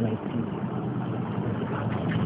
19.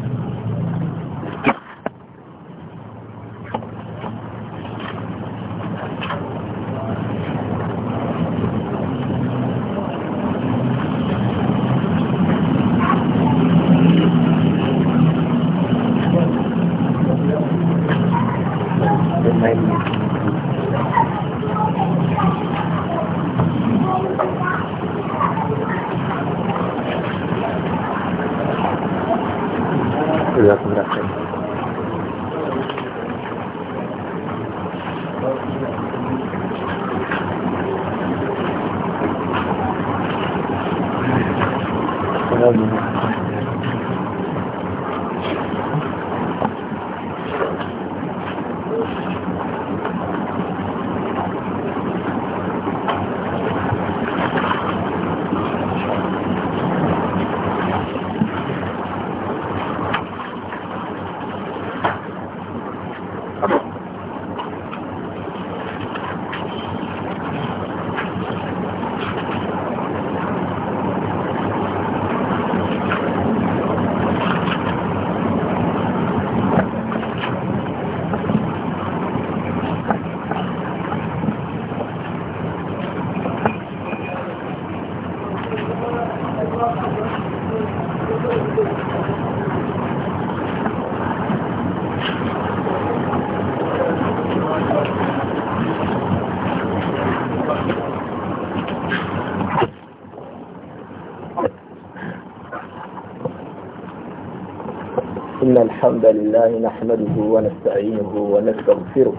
الحمد لله نحمده ونستعينه ونستغفره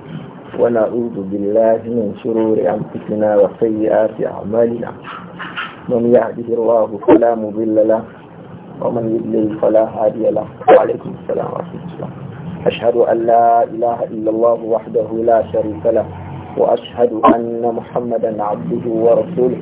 ونعوذ بالله من شرور أنفسنا وسيئات أعمالنا من يهده الله فلا مضل له ومن يضلل فلا هادي له وعليكم السلام ورحمة الله أشهد أن لا إله إلا الله وحده لا شريك له وأشهد أن محمدا عبده ورسوله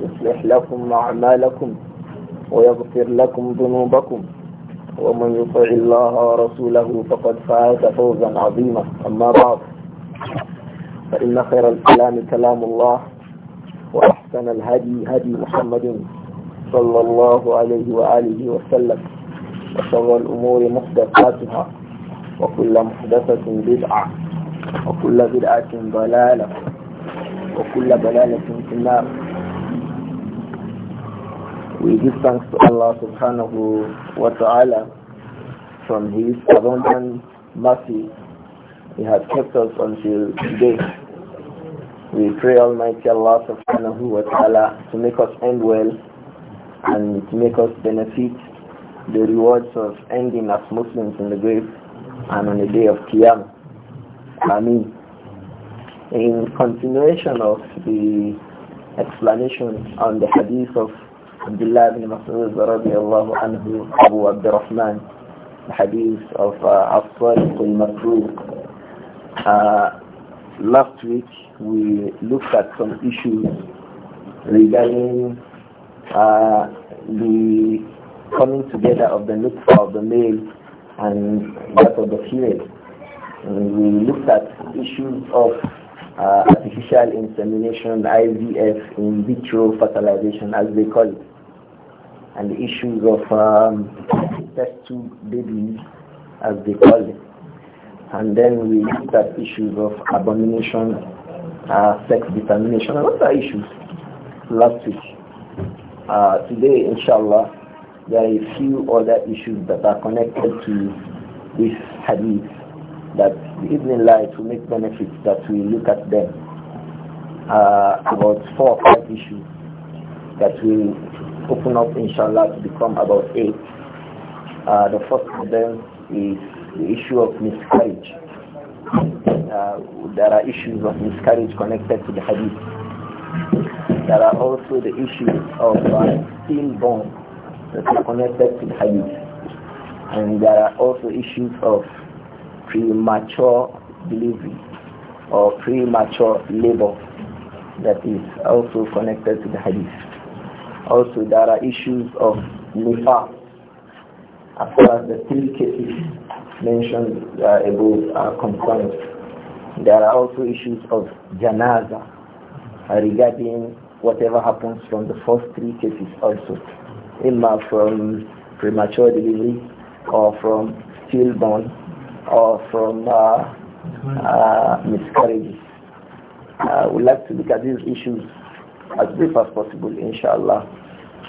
يصلح لكم أعمالكم ويغفر لكم ذنوبكم ومن يطع الله ورسوله فقد فاز فوزا عظيما أما بعد فإن خير الكلام كلام الله وأحسن الهدي هدي محمد صلى الله عليه وآله وسلم وشر الأمور محدثاتها وكل محدثة بدعة وكل بدعة ضلالة وكل ضلالة في النار We give thanks to Allah subhanahu wa ta'ala from his abundant mercy. He has kept us until today. We pray Almighty Allah subhanahu wa ta'ala to make us end well and to make us benefit the rewards of ending as Muslims in the grave and on the day of Qiyam. Ameen. In continuation of the explanation on the hadith of Abdullah ibn Mas'ud radiallahu anhu, Abu Abdurrahman, the hadith of uh, Afsariq al-Makruq. Uh, last week we looked at some issues regarding uh, the coming together of the nutfa of the male and that of the female. we looked at issues of uh, artificial insemination, IVF, in vitro fertilization as they call it and the issues of um, test tube babies, as they call it. And then we looked at issues of abomination, uh, sex determination, and other issues last week. Uh, today, inshallah, there are a few other issues that are connected to this hadith that the evening light will make benefits that we look at them. Uh, about four or five issues that we open up inshallah to become about eight. Uh, the first of them is the issue of miscarriage. Uh, there are issues of miscarriage connected to the hadith. There are also the issues of uh, stillborn that are connected to the hadith. And there are also issues of premature delivery or premature labor that is also connected to the hadith also there are issues of nifaq as far as the three cases mentioned uh, above are concerned. There are also issues of janaza uh, regarding whatever happens from the first three cases also, either from premature delivery or from stillborn or from uh, uh miscarriages. Uh, we would like to look at these issues as brief as possible, inshallah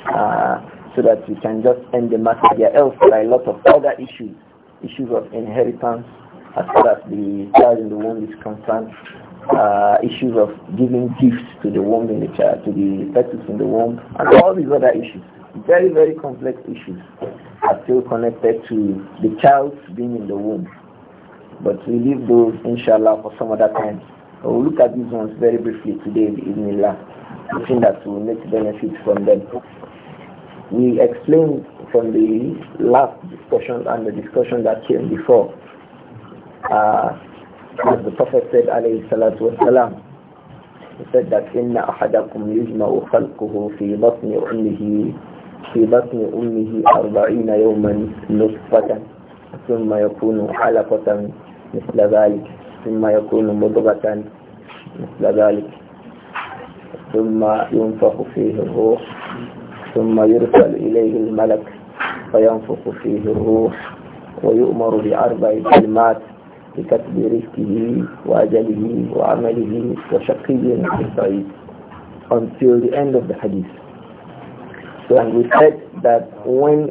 uh, so that we can just end the matter there. Else there are a lot of other issues, issues of inheritance as far as the child in the womb is concerned, uh, issues of giving gifts to the womb in the child, to the fetus in the womb, and all these other issues. Very, very complex issues are still connected to the child being in the womb. But we leave those, inshallah, for some other time. We'll look at these ones very briefly today, in Bismillah, hoping that we'll make benefit from them we explained from the last discussion and the discussion that came before, uh, as the Prophet said, alayhi salatu wasalam, he said that, إِنَّ أَحَدَكُمْ يُجْمَعُ خَلْقُهُ فِي بَطْنِ أُمِّهِ في بطن أمه أربعين يوما نطفة ثم يكون حلقة مثل ذلك ثم يكون مضغة مثل ذلك ثم ينفخ فيه الروح ثم يرسل إليه الملك فينفخ فيه الروح ويؤمر بأربع كلمات بكتب رزقه وأجله وعمله وشقي سعيد until the end of the hadith. So and we said that when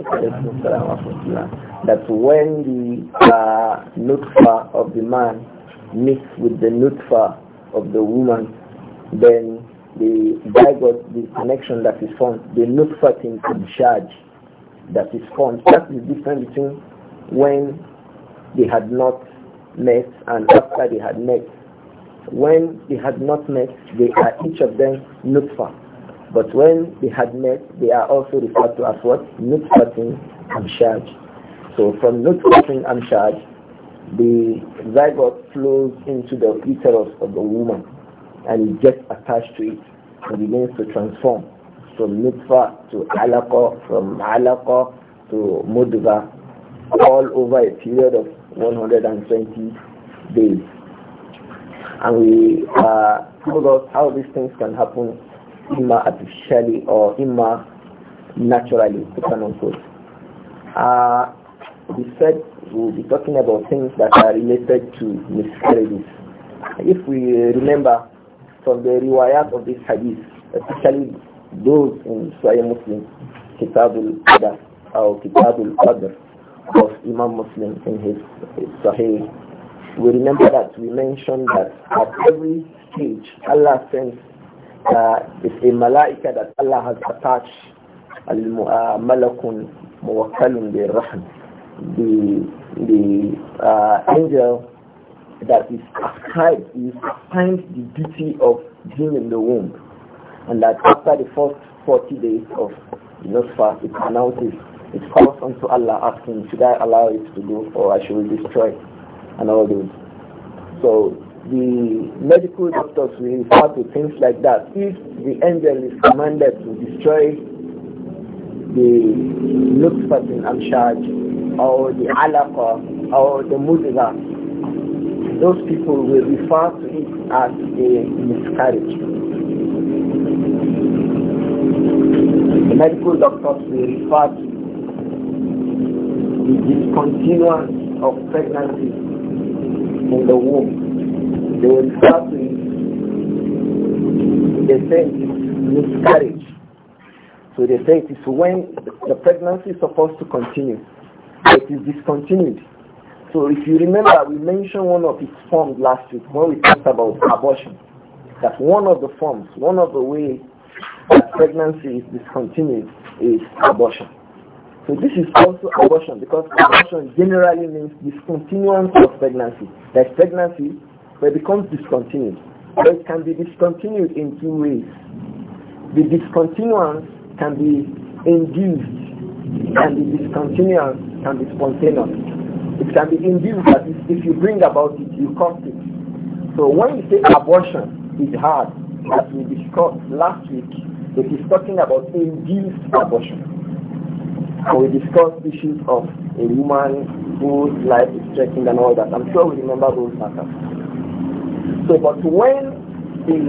that when the uh, nutfa of the man meets with the nutfa of the woman, then the zygote, the connection that is formed, the nutfat charge that is formed. That is different between when they had not met and after they had met. When they had not met, they are each of them nutfa. But when they had met, they are also referred to as what? Nutfatin Amshaj. So from Nutfatin Amshaj, the zygote flows into the uterus of the woman and gets attached to it. It begins to transform from nutfa to alaqa, from alaqa to mudga, all over a period of 120 days. And we uh, told us how these things can happen, i artificially or i naturally, to and unquote. Uh, we said we'll be talking about things that are related to miscarriages. If we remember, from the riwayat of this hadith, especially those in Sahih Muslim, Kitabul Qadr or Kitabul Qadr of Imam Muslim in his, his Sahih. We remember that we mentioned that at every stage Allah sends uh, it's a malaika that Allah has attached al-malakun muwakkalun bi-rahm the the uh, angel that is ascribed, is assigned the duty of being in the womb. And that after the first 40 days of the Nosfa, it announces, it calls unto Allah asking, should I allow it to go or I should destroy And all those. So the medical doctors will refer to things like that. If the angel is commanded to destroy the nutfat in charge, or the alaqa or the mudra, those people will refer to it as a miscarriage. The medical doctors will refer to the discontinuance of pregnancy in the womb. They will refer to it. They say it's miscarriage. So they say it is when the pregnancy is supposed to continue. It is discontinued so if you remember, we mentioned one of its forms last week when we talked about abortion. That one of the forms, one of the ways that pregnancy is discontinued is abortion. So this is also abortion because abortion generally means discontinuance of pregnancy. That pregnancy where becomes discontinued. But it can be discontinued in two ways. The discontinuance can be induced and the discontinuance can be spontaneous. It can be induced but if you bring about it, you cause it. So when you say abortion is hard, as we discussed last week, it is talking about induced abortion. So we discussed issues of a woman whose life is threatened and all that. I'm sure we remember those matters. So, but when the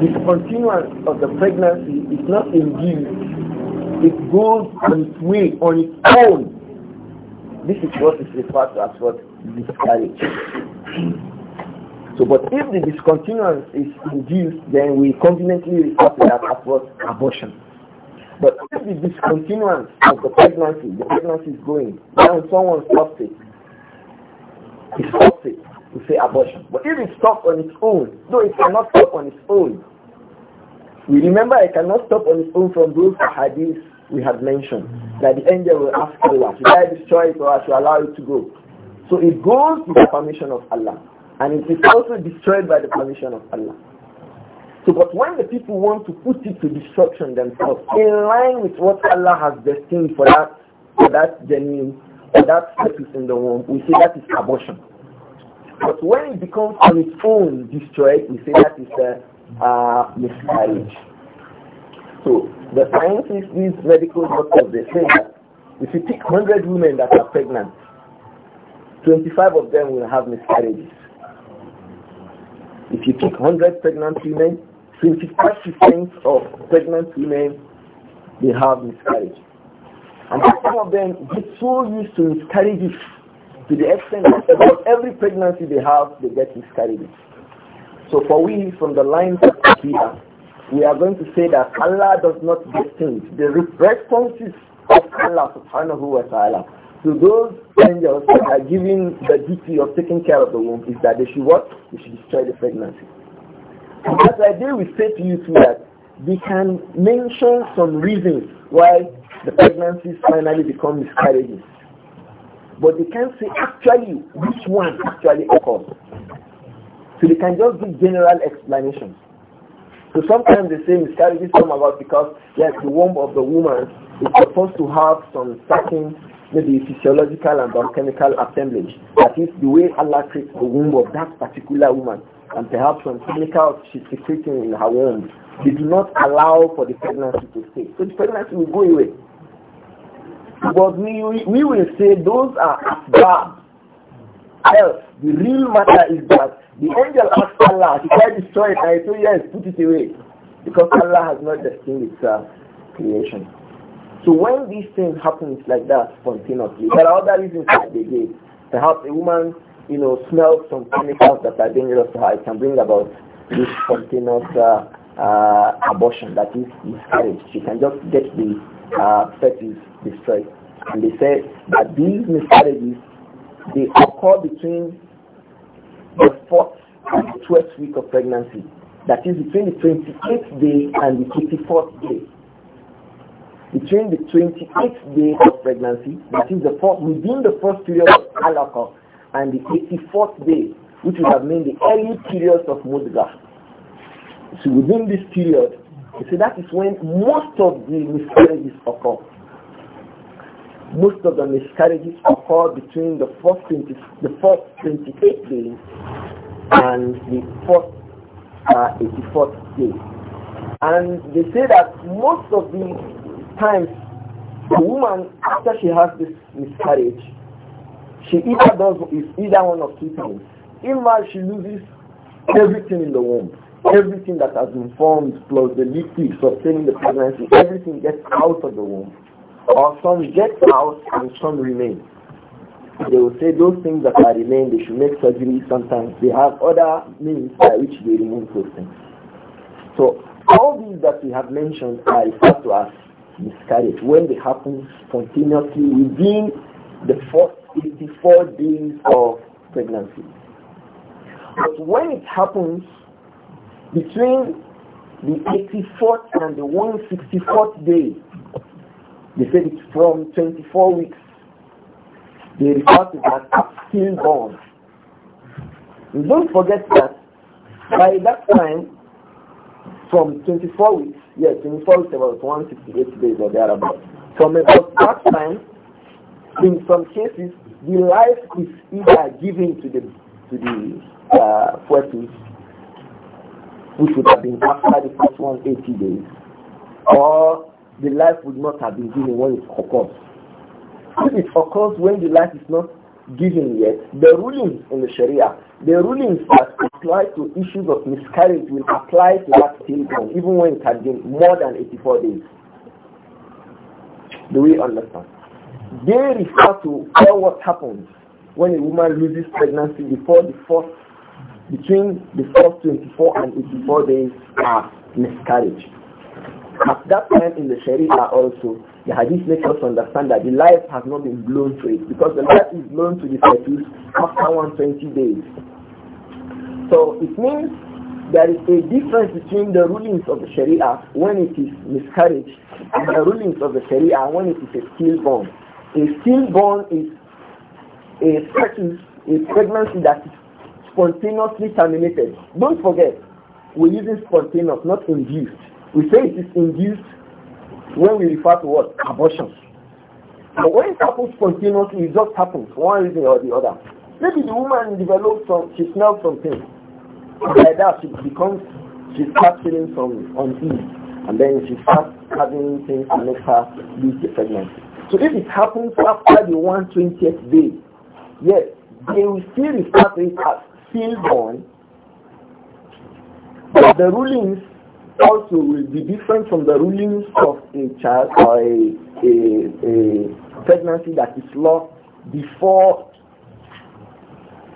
discontinuance of the pregnancy is not induced, it goes on its way on its own this is what is referred to as what discourage. So, but if the discontinuance is induced, then we conveniently refer to that as what abortion. But if the discontinuance of the pregnancy, the pregnancy is going, now someone stops it, It stops it, we say abortion. But if it stops on its own, though it cannot stop on its own, we remember it cannot stop on its own from those hadiths we have mentioned that the angel will ask Allah, should I destroy it or I should allow it to go? So it goes with the permission of Allah. And it is also destroyed by the permission of Allah. So but when the people want to put it to destruction themselves, in line with what Allah has destined for that, for that genuine, for that status in the womb, we say that is abortion. But when it becomes on its own destroyed, we say that is a uh, uh, miscarriage. So the scientists, these medical doctors, they say that if you take 100 women that are pregnant, 25 of them will have miscarriages. If you take 100 pregnant women, 25% of pregnant women, they have miscarriage. And some of them get so used to miscarriages to the extent that about every pregnancy they have, they get miscarriages. So for we, from the lines of we are going to say that Allah does not things. the responses of Allah subhanahu wa ta'ala to those angels that are given the duty of taking care of the womb is that they should what? They should destroy the pregnancy. As I did, we say to you too that we can mention some reasons why the pregnancies finally become miscarriages. But they can't say actually which one actually occurs. So they can just give general explanations. So sometimes they say miscarriages come about because yes, the womb of the woman is supposed to have some certain maybe physiological and biochemical assemblage. That is the way Allah treats the womb of that particular woman and perhaps some chemicals she's secreting in her womb. They do not allow for the pregnancy to stay. So the pregnancy will go away. But we, we will say those are bad. Else, the real matter is that the angel asked Allah, did I destroy it? I said, yes, put it away. Because Allah has not destined its uh, creation. So when these things happen like that spontaneously, there are other reasons that they give. Perhaps a woman, you know, smells some chemicals that are dangerous to her. It can bring about this spontaneous uh, uh, abortion, that is miscarriage. She can just get the uh, fetus destroyed. And they say that these miscarriages, they occur between the fourth and twelfth week of pregnancy. That is between the 28th day and the 24th day. Between the 28th day of pregnancy, that is the fourth, within the first period of alcohol, and the 84th day, which would have meant the early periods of mudra. So within this period, see that is when most of the miscarriages occur. Most of the miscarriages occur between the first 20, the first 28 days and the first uh, 84th day. And they say that most of the times the woman after she has this miscarriage, she either does is either one of two things. Either she loses everything in the womb, everything that has been formed plus the liquid sustaining the pregnancy, everything gets out of the womb. Or some get out and some remain. They will say those things that are remain, they should make surgery sometimes. They have other means by which they remove those things. So all these that we have mentioned are referred to as miscarriage when they happen spontaneously within the first 84 days of pregnancy. But when it happens between the 84th and the 164th day, they said it's from 24 weeks they refer to that as stillborn. Don't forget that by that time, from 24 weeks, yes, 24 weeks about 168 days or thereabouts, from about that time, in some cases, the life is either given to the to the uh, fetus, which would have been after the first 180 days, or the life would not have been given when it occurs. If it occurs when the life is not given yet, the rulings in the Sharia, the rulings that apply to issues of miscarriage will apply to that stillborn, even when it has been more than 84 days. Do we understand? They refer to all what happens when a woman loses pregnancy before the first, between the first 24 and 84 days are miscarriage. At that time in the Sharia also, the hadith makes us understand that the life has not been blown to it because the life is blown to the fetus after 120 days. So it means there is a difference between the rulings of the Sharia when it is miscarriage and the rulings of the Sharia when it is a stillborn. A stillborn is a fetus, a pregnancy that is spontaneously terminated. Don't forget, we're using spontaneous, not induced. We say it is induced when we refer to what? Abortion. But when it happens spontaneously, it just happens, one reason or the other. Maybe the woman develops some, she smells something. Like that, she becomes, she starts feeling some unease. And then she starts having things to make her lose the pregnancy. So if it happens after the 120th day, yes, they will still refer to it as stillborn. But the rulings also will be different from the rulings of a child or a, a, a pregnancy that is lost before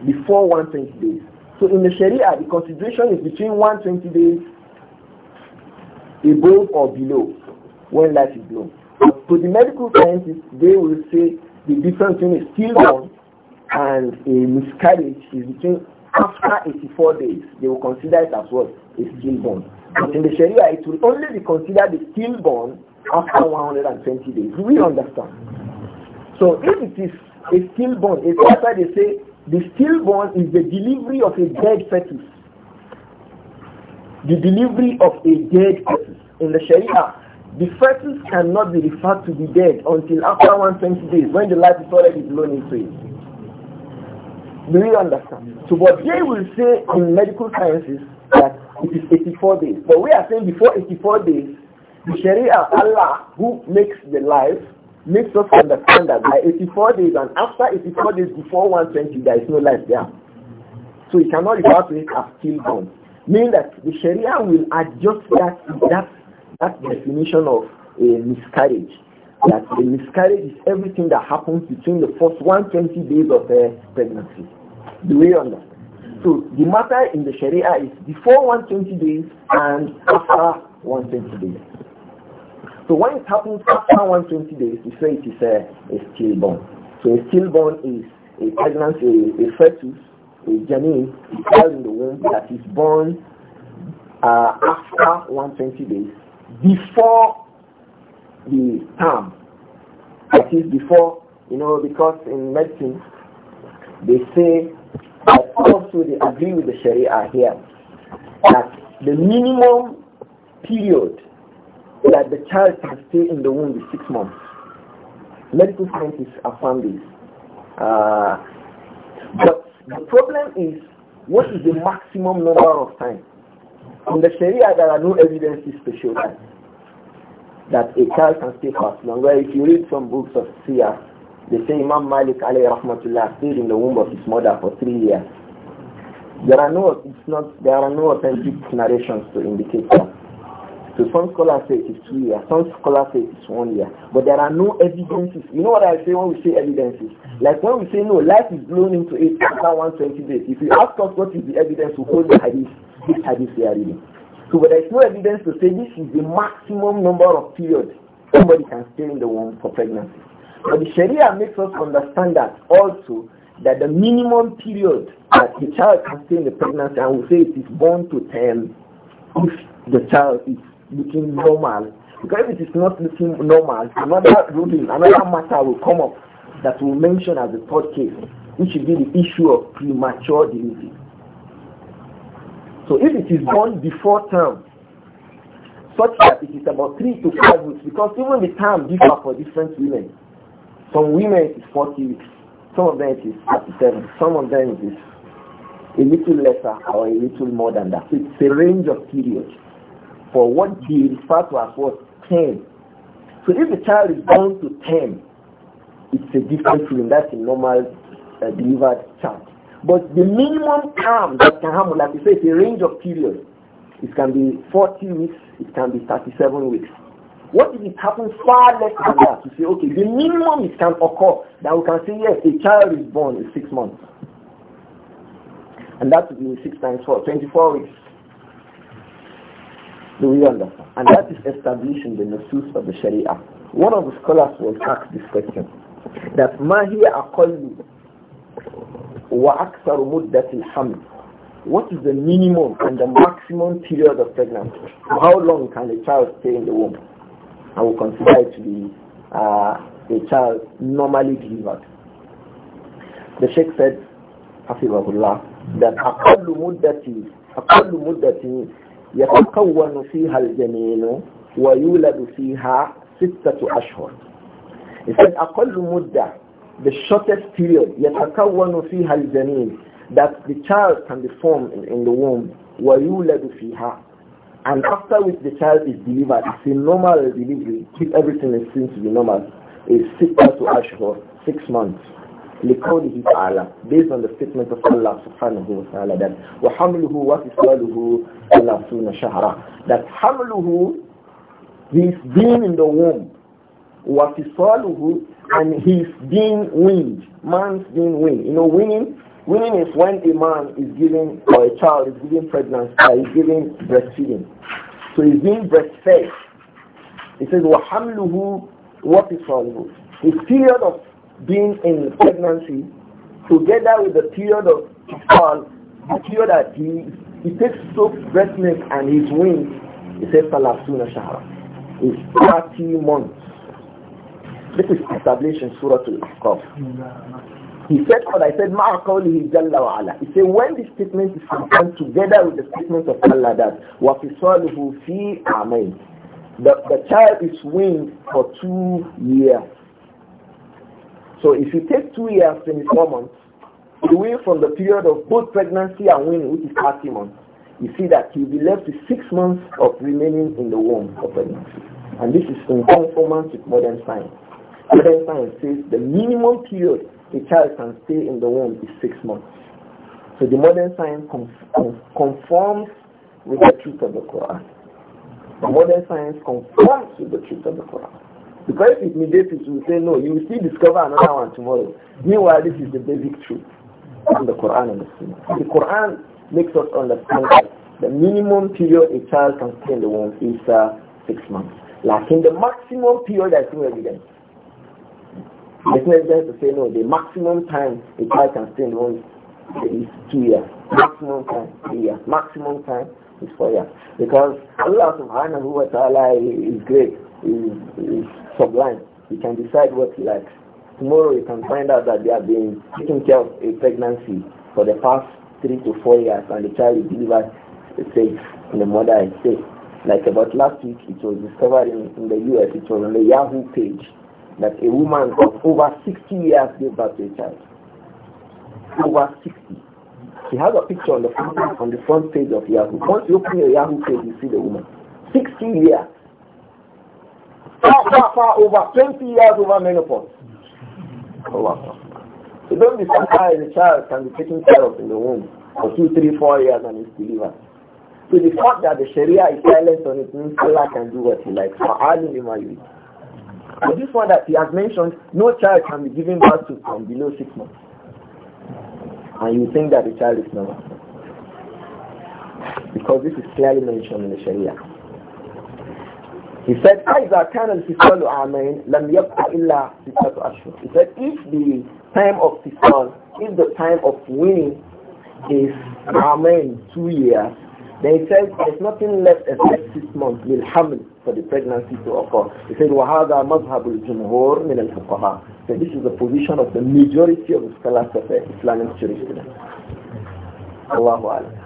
before 120 days. So in the Sharia, the consideration is between 120 days above or below when life is born. To the medical scientists, they will say the difference between a stillborn and a miscarriage is between after 84 days. They will consider it as well a stillborn. But in the Sharia, it will only be considered the stillborn after 120 days. Do we understand? So if it is a stillborn, it's after they say the stillborn is the delivery of a dead fetus. The delivery of a dead fetus. In the Sharia, the fetus cannot be referred to the dead until after 120 days when the life is already blown into it. Do you understand? So what they will say in medical sciences that it is 84 days. But we are saying before 84 days, the Sharia Allah who makes the life makes us understand that by 84 days and after 84 days before 120 there is no life there. So you cannot refer to it as stillborn. Meaning that the Sharia will adjust that that that definition of a miscarriage. That a miscarriage is everything that happens between the first 120 days of a pregnancy. Do we understand? So the matter in the Sharia is before 120 days and after 120 days. So when it happens after 120 days, we say it is a, a stillborn. So a stillborn is a pregnancy, a, a fetus, a janine, a child in the womb that is born uh, after 120 days, before the term. That is before, you know, because in medicine they say I also they agree with the Sharia here that the minimum period that the child can stay in the womb is six months. Medical scientists affirm this. Uh, but the problem is, what is the maximum number of time? In the Sharia, there are no evidences to show that that a child can stay for as long. Well, if you read some books of Sia, they say Imam Malik alayhi rahmatullah stayed in the womb of his mother for three years. There are no, it's not, there are no authentic narrations to indicate that. So some scholars say it is two years, some scholars say it is one year. But there are no evidences. You know what I say when we say evidences? Like when we say no, life is blown into it after 120 days. If you ask us what is the evidence, to hold the hadith, this hadith we are reading. So but there is no evidence to say this is the maximum number of periods somebody can stay in the womb for pregnancy. But the Sharia makes us understand that also that the minimum period that the child can stay in the pregnancy, and we say it is born to term if the child is looking normal. Because if it is not looking normal, another ruling, another matter will come up that will mention as a third case, which will be the issue of premature delivery. So if it is born before term, such that it is about three to five weeks, because even the time differ for different women. Some women is 40 weeks. Some of them it is 37. Some of them it is a little lesser or a little more than that. It's a range of periods for what they refer to as what 10. So if the child is down to 10, it's a different feeling. That's a normal uh, delivered child. But the minimum term that can happen, like you say, it's a range of periods. It can be 40 weeks, it can be 37 weeks. What if it happens far less than that? You say, okay, the minimum it can occur that we can say, yes, a child is born in six months. And that would be six times four, 24 weeks. Do we understand? And that is establishing the nasus of the Sharia. One of the scholars will ask this question, that mahiya akallu wa aksaru muddatil hamd. What is the minimum and the maximum period of pregnancy? How long can a child stay in the womb? I will consider it to be uh, a child normally delivered. The Sheikh said, Hafizahullah, that أقل مدة أقل مدة يتكون فيها الجنين ويولد فيها ستة أشهر. He said أقل مدة the shortest period يتكون فيها الجنين that the child can be formed in, in the womb ويولد فيها and after which the child is delivered, it's a normal delivery. If everything is seen to be normal, is sitter to Ashur, six months. لقوله تعالى based on the statement of Allah subhanahu wa ta'ala that وحمله وفصاله ثلاثون شهرا that حمله his being in the womb وفصاله and his being weaned man's being weaned you know weaning Meaning is when a man is giving, or a child is giving pregnancy, uh, is giving breastfeeding. So he's being breastfed. He says, What is وَفِصَالُهُ His period of being in pregnancy, together with the period of child. the period that he, he takes soaked breast milk and his wings, he says, فَلَسُونَ Shahara. It's 30 months. This is established in Surah to ahqaf he said what I said, Ma'akawlihi He said, when the statement is combined together with the statement of Allah that, وَفِصَالُهُ فِي عَمَيْنِ the, the child is weaned for two years. So if you take two years, 24 months, you wean from the period of both pregnancy and weaning, which is 30 months, you see that you'll be left with six months of remaining in the womb of pregnancy. And this is in conformance with modern science. Modern science says the minimum period a child can stay in the womb is six months. So the modern science conforms with the truth of the Quran. The modern science conforms with the truth of the Quran. Because if it negates it, will say, no, you will still discover another one tomorrow. Meanwhile, this is the basic truth from the Quran and the Sunnah. The Quran makes us understand that the minimum period a child can stay in the womb is uh, six months. Like in the maximum period, that's no evidence. There's no evidence to say no, the maximum time a child can stay in one is two years. Maximum time, three years. Maximum time is four years. Because Allah subhanahu wa ta'ala is great, is, is sublime. He can decide what he likes. Tomorrow you can find out that they have been taking care of a pregnancy for the past three to four years and the child is delivered safe and the mother is safe. Like about last week, it was discovered in, in the US, it was on the Yahoo page that a woman of over 60 years gave birth to a child. Over 60. She has a picture on the front, on the front page of Yahoo. Once you open your Yahoo page, you see the woman. 60 years. Far, far, far over 20 years over menopause. Allah. Oh, so don't be surprised the child can be taken care of in the womb for two, three, four years and is delivered. So the fact that the Sharia is silent on it means Allah can do what he likes. فَعَالٍ لِمَا يُرِيدُ but this one that he has mentioned, no child can be given birth to from below six months. And you think that the child is normal. Because this is clearly mentioned in the Sharia. He said, إذا كان الفصال عامين لم يبقى إلا ستة أشهر. He said, if the time of fiscal, if the time of winning is عامين, two years, then he says there's nothing left except six months will hamil for the pregnancy to occur. He said mazhabul مَذْهَبُ min al الْفُقَهَا So this is the position of the majority of the scholars of Islamic jurisprudence.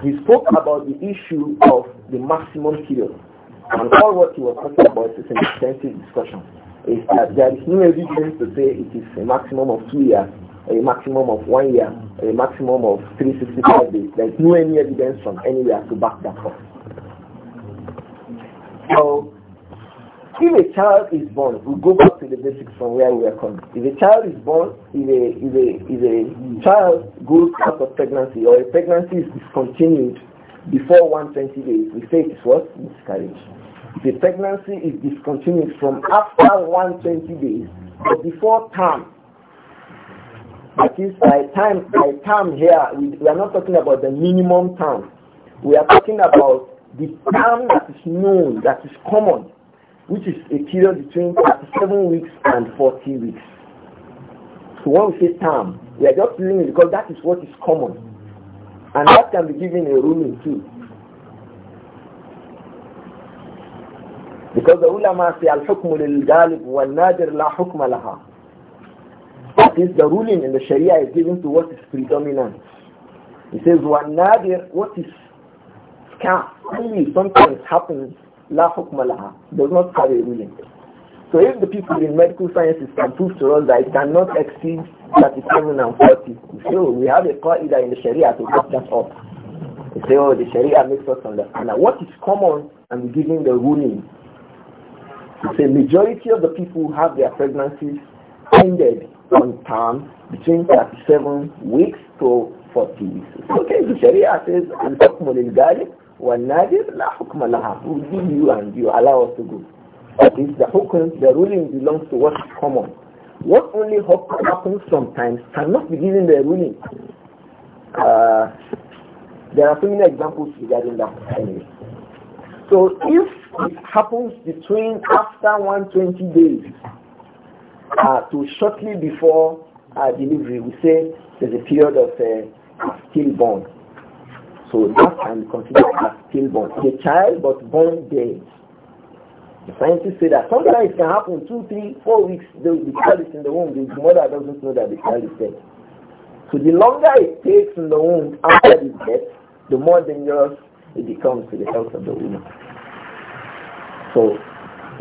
He spoke about the issue of the maximum period. And all what he was talking about is an extensive discussion. Is that there is no evidence to say it is a maximum of two years a maximum of one year, a maximum of 365 days. There's no any evidence from anywhere to back that up. So, if a child is born, we go back to the basics from where we are coming. If a child is born, if a, if a, if a child goes out of pregnancy or a pregnancy is discontinued before 120 days, we say it's what? Miscarriage. If a pregnancy is discontinued from after 120 days but before term, that is by time by time here we, we are not talking about the minimum term. We are talking about the term that is known, that is common, which is a period between 37 weeks and 40 weeks. So when we say term, we are just using it because that is what is common. And that can be given a ruling too. Because the ulama say al-hukmu lil wa wal-nadir la hukma laha. That is the ruling in the Sharia is given to what is predominant. He says, وَالنَّادِرْ What is scarce, only sometimes happens, La حُكْمَ Does not have a ruling. So if the people in medical sciences can prove to us that it cannot exceed 37 and 40, we oh, we have a qaida in the Sharia to back that up. They say, oh, the Sharia makes us understand. Now what is common and giving the ruling? We say majority of the people who have their pregnancies ended on time between 37 weeks to 40 weeks. Okay, the Sharia says, الحكم للغالب والنادر لا حكم لها. We give you and you allow us to go. if the hukum, the ruling belongs to what's common. What only happens sometimes cannot be given the ruling. Uh, there are so many examples regarding that anyway. So if it happens between after 120 days uh, to shortly before uh, delivery, we say there's a period of uh, stillborn. So that can be considered as stillborn. The child was born dead. The scientists say that sometimes it can happen two, three, four weeks. The, the child is in the womb. The mother doesn't know that the child is dead. So the longer it takes in the womb after the death, the more dangerous it becomes to the health of the woman. So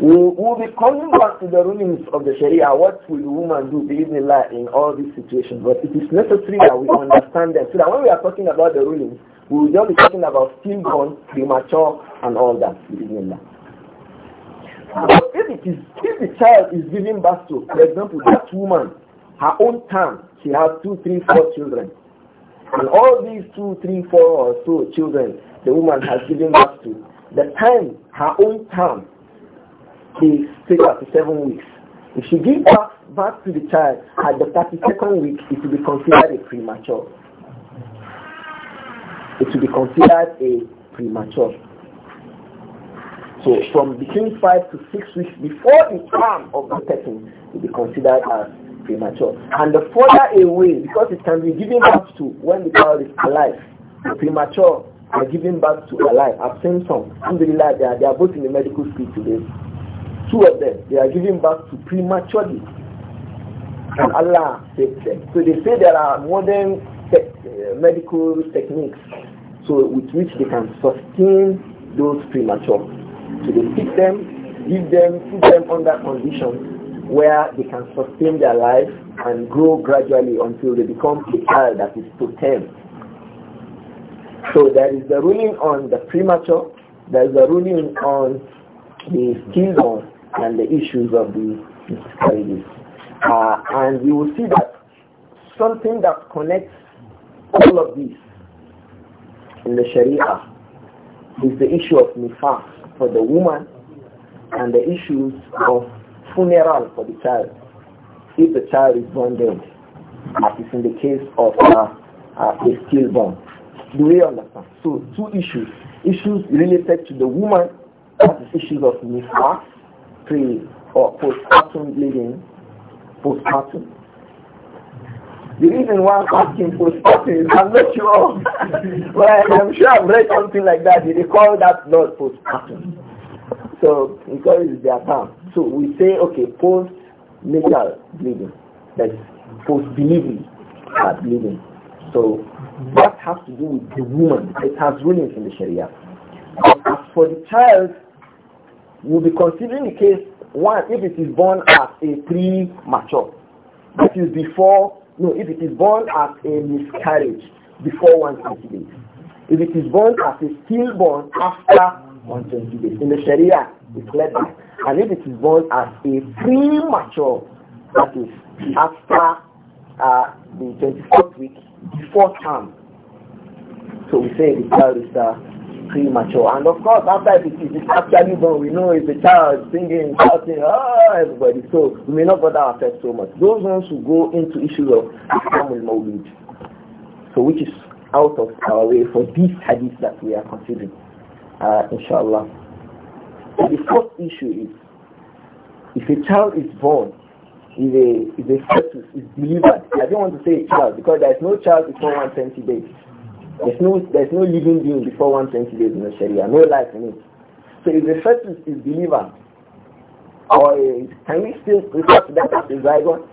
we will be coming back to the rulings of the Sharia. What will the woman do, bismillah, in all these situations? But it is necessary that we understand them. So that when we are talking about the rulings, we will not be talking about stillborn, premature, and all that, But if it is, if the child is giving birth to, for example, that woman, her own time, she has two, three, four children. And all these two, three, four or so children the woman has given birth to, the time, her own time, is take her to seven weeks. If she gives birth back to the child at the 32nd week, it will be considered a premature. It will be considered a premature. So from between five to six weeks before the term of the it will be considered as premature. And the further away, because it can be given birth to when the child is alive, the premature are given birth to alive. I've seen some. Alhamdulillah, they are, they are both in the medical school today two of them, they are giving birth to prematurely. And Allah saved them. So they say there are modern te uh, medical techniques so with which they can sustain those premature. So they feed them, give them, put them under conditions where they can sustain their life and grow gradually until they become a child that is potent. So there is the ruling on the premature, there is the ruling on the stillborn, and the issues of the miscarriages. Uh, and you will see that something that connects all of these in the Sharia is the issue of nifas for the woman and the issues of funeral for the child if the child is born dead, as is in the case of uh, uh, a stillborn. Do we understand? So two issues. Issues related to the woman, that is issues of nifas, pre or postpartum bleeding, postpartum. The reason why I'm asking postpartum is I'm not sure. but I'm sure I've read something like that. They call that not postpartum. So because it's their term. So we say, okay, postnatal bleeding. That's post-delivery uh, bleeding. So that has to do with the woman. It has rulings in the Sharia. as for the child, We'll be considering the case, one, if it is born as a premature. That is before, no, if it is born as a miscarriage before 120 days. If it is born as a stillborn after 120 days. In the Sharia, it's led And if it is born as a premature, that is after uh, the 24th week, before term. So we say the child is uh, premature. And of course, after it is actually born, we know it's a child singing, shouting, ah, everybody. So we may not bother ourselves so much. Those ones who go into issues of Islamul Mawlid, so which is out of our way for this hadith that we are considering, uh, inshallah. So the first issue is, if a child is born, is a, is a fetus, is delivered. I don't want to say a child because there is no child before 120 days. There's no, there's no living being before 120 days in the Sharia, no life in it. So if the fetus is believer, or uh, can we still refer to that as a zygote?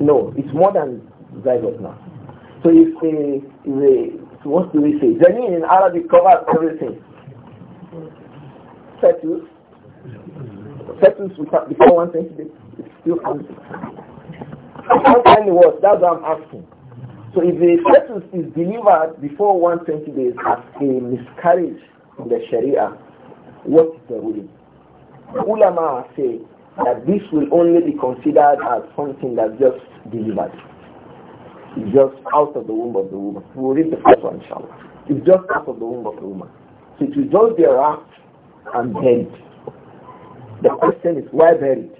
No, it's more than zygote now. So if a, if a what do we say? Zanin in Arabic covers everything. Fetus, fetus before 120 days, it's still comes. How can it was? That's what I'm asking. So if the fetus is delivered before 120 days as a miscarriage in the Sharia, what is the ruling? ulama say that this will only be considered as something that just delivered. It's just out of the womb of the woman. We'll read the first one, inshallah. It's just out of the womb of the woman. So it will just be wrapped and buried. The question is, why buried?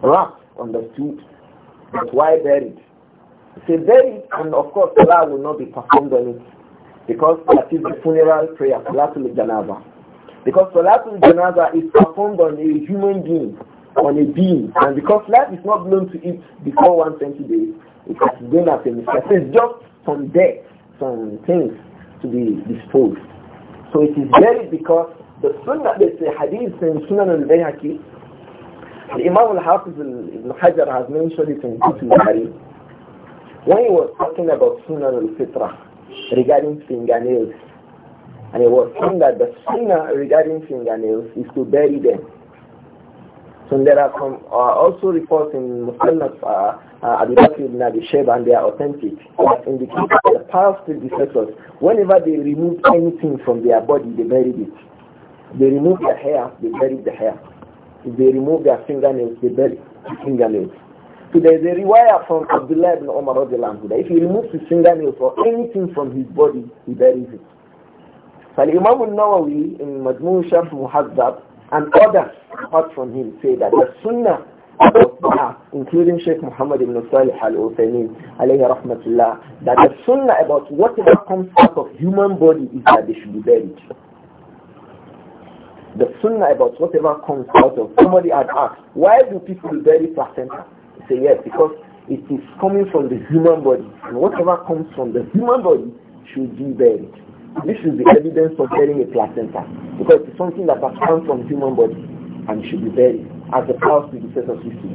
Wrapped, understood. But why buried? So they, and of course Salah will not be performed on it because that is the funeral prayer, Salatul Janaba. Because Salatul Janaba is performed on a human being, on a being, and because life is not known to it before 120 days, it has been as a mistake. It's just some debt, some things to be disposed. So it is very because the sunnah, there's a hadith in Sunan al-Bayhaqi, the Imam al-Hafiz Al Hajar has mentioned it in Qutb al-Hadith, when he was talking about Sunnah al-Fitra regarding fingernails, and he was saying that the Sunnah regarding fingernails is to bury them. So there are some, uh, also reports in Muslim of uh, uh, Abu Bakr ibn Abi and they are authentic that indicate the past whenever they remove anything from their body, they buried it. They remove their hair, they buried the hair. If they remove their fingernails, they buried the fingernails. So there is a rewire from Abdullah ibn Umar al that if he removes his fingernails or anything from his body, he buries it. فالإمام النووي in مجموع شرح مهذب and others apart from him say that the sunnah including Sheikh Muhammad ibn Salih al-Uthaymeen alayhi rahmatullah that the sunnah about whatever comes out of human body is that they should be buried. The sunnah about whatever comes out of somebody had asked, why do people bury placenta? say yes because it is coming from the human body and whatever comes from the human body should be buried. This is the evidence of burying a placenta because it's something that has come from human body and should be buried as the to the used of do.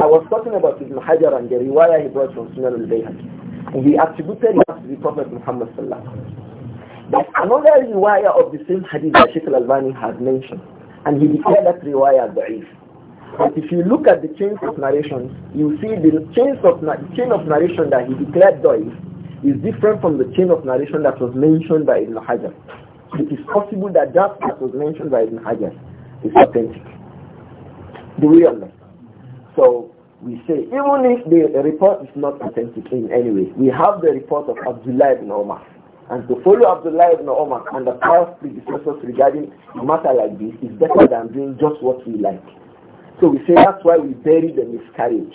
I was talking about Ibn Hajar and the riwayah he brought from Sunan al-Bayhaqi. He attributed it to the Prophet Muhammad sallallahu But another riwayah of the same hadith that Sheikh al-Albani has mentioned and he declared that riwayah da'if. But if you look at the chains of narrations, you see the chains of the chain of narration that he declared those is different from the chain of narration that was mentioned by Ibn Hajar. It is possible that that that was mentioned by Ibn Hajar is authentic. Do we understand? So we say, even if the report is not authentic in any way, we have the report of Abdullah ibn Omar. And to follow Abdullah ibn Omar and the past predecessors regarding a matter like this is better than doing just what we like. So we say that's why we bury the miscarriage.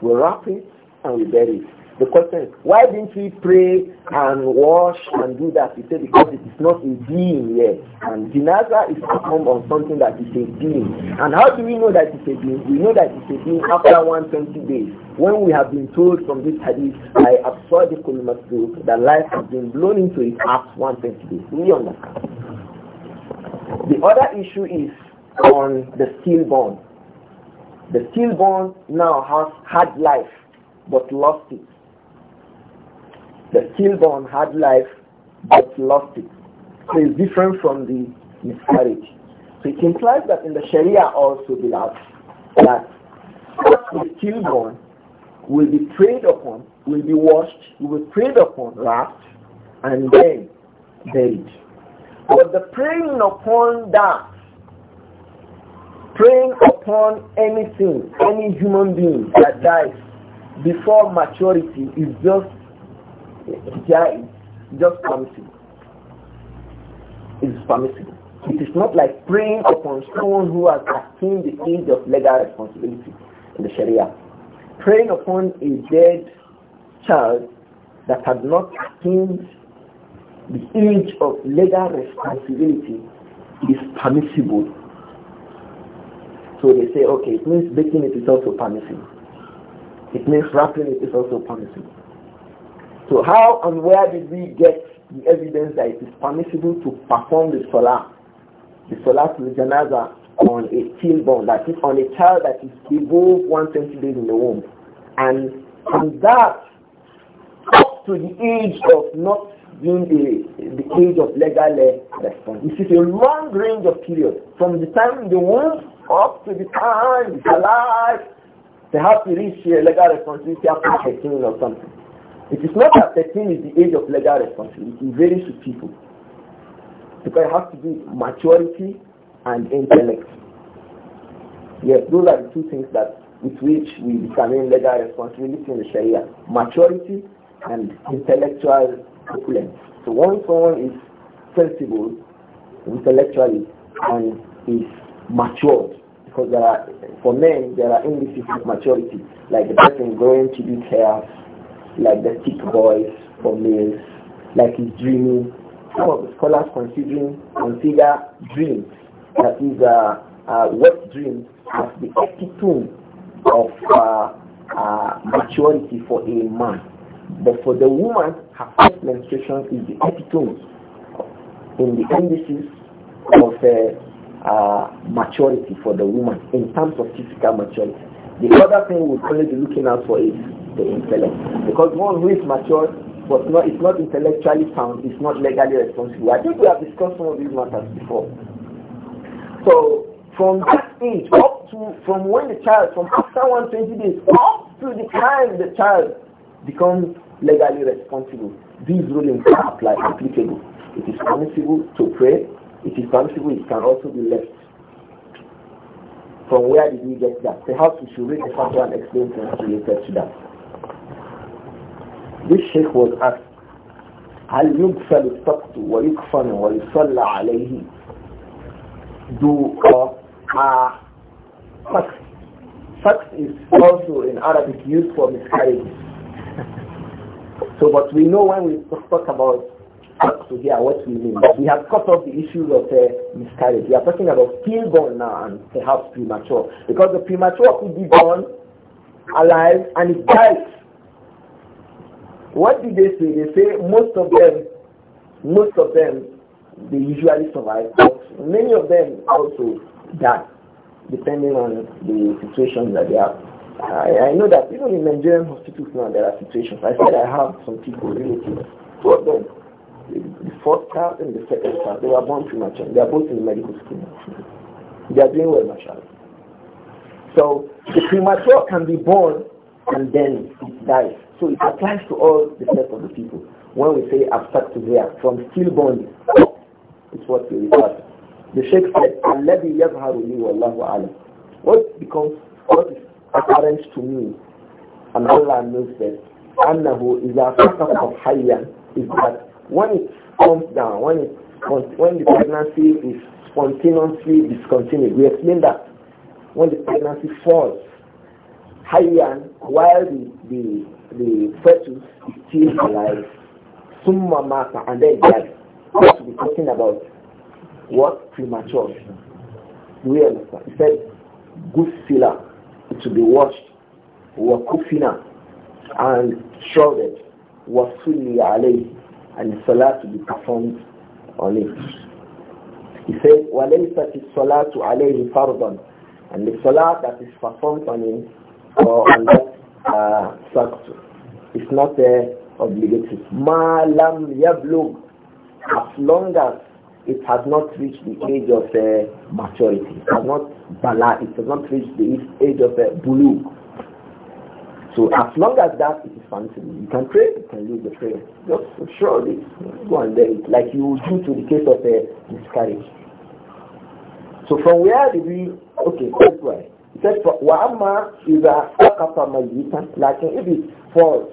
We wrap it and we bury it. The question is, why didn't we pray and wash and do that? He said, because it is not a being yet. And jinaza is performed on something that is a being. And how do we know that it's a being? We know that it's a being after 120 days. When we have been told from this hadith by Absadikul Masud that life has been blown into it after 120 days. We understand. The other issue is on the stillborn. The stillborn now has had life but lost it. The stillborn had life but lost it. So it's different from the miscarriage. So it implies that in the Sharia also, beloved, that the stillborn will be preyed upon, will be washed, will be preyed upon, wrapped, and then buried. But the preying upon that praying upon anything, any human being that dies before maturity is just giant, just permissible. It is permissible. It is not like praying upon someone who has attained the age of legal responsibility in the Sharia. Praying upon a dead child that has not attained the age of legal responsibility is permissible so they say, okay, it means baking it is also permissible. It means wrapping it is also permissible. So how and where did we get the evidence that it is permissible to perform the salah, the salah to the janaza on a stillborn, that is on a child that is above 120 days in the womb. And from that up to the age of not being the, the age of legal response. This is a long range of period from the time in the womb up to the time, it's alive. They have to reach a legal responsibility after 13 or something. It is not that 13 is the age of legal responsibility. It varies with people. Because it has to be maturity and intellect. Yes, those are the two things that with which we determine legal responsibility in the Sharia. Maturity and intellectual opulence. So once someone is sensible intellectually and is matured. Because there are, for men, there are indices of maturity, like the person growing to big hair, like the thick voice for males, like his dreaming. Some of the scholars considering, consider dreams, that is uh, uh, wet dreams, as the epitome of uh, uh, maturity for a man. But for the woman, her first menstruation is the epitome in the indices of uh, uh, maturity for the woman in terms of physical maturity. The other thing we going to be looking out for is the intellect. Because one who is mature but not, is not intellectually sound is not legally responsible. I think we have discussed some of these matters before. So from that age up to from when the child, from after 120 days up to the time the child becomes legally responsible, these rulings are apply, applicable. It is permissible to pray, it's permissible, it can also be left. From where did we get that? Perhaps we should read the first and explain things related to that. This sheikh was asked, هل يغسل السقط ويكفن ويصلى عليه do uh, uh, fax. Fax is also in Arabic used for miscarriage. so but we know when we talk about to hear what we mean. But we have cut off the issues of uh, miscarriage. We are talking about stillborn now and perhaps premature. Because the premature could be born alive and it dies. What did they say? They say most of them, most of them, they usually survive, but many of them also die, depending on the situation that they are I, I, know that even in Nigerian hospitals now there are situations. I said I have some people, relatives, two of them, the first child and the second child, they were born premature. They are both in the medical school. They are doing well, mashallah. So the premature can be born and then it dies. So it applies to all the sets of the people. When we say abstract there, from stillborn, it's what we refer to. The Sheikh said, Alladhi yazharu li wallahu alam. What becomes, what is apparent to me, and Allah knows that, annahu is a fact of is that when it comes down, when it when the pregnancy is spontaneously discontinued, we explain that. When the pregnancy falls, higher, while the, the, the fetus is still alive, summa mata, and then dies. What we be talking about? What? Premature. Do we understand? He said, gusila, to be washed, wakufina, and shrouded, wasuli alayhi and the salah to be performed on it. He said, to الصَّلَاةُ عَلَيْهِ فَرْضًا And the salah that is performed on him or on that uh, sector is not uh, obligatory. مَا لَمْ يَبْلُغْ As long as it has not reached the age of uh, maturity, it has not bala, it has not reached the age of uh, bulug, so as long as that is functioning, you can pray, you can use the prayer. Just sure this, go and do it, like you do to the case of a uh, miscarriage. So from where did we, okay, that's why. He said, Wa'amma is a akapa like if it falls,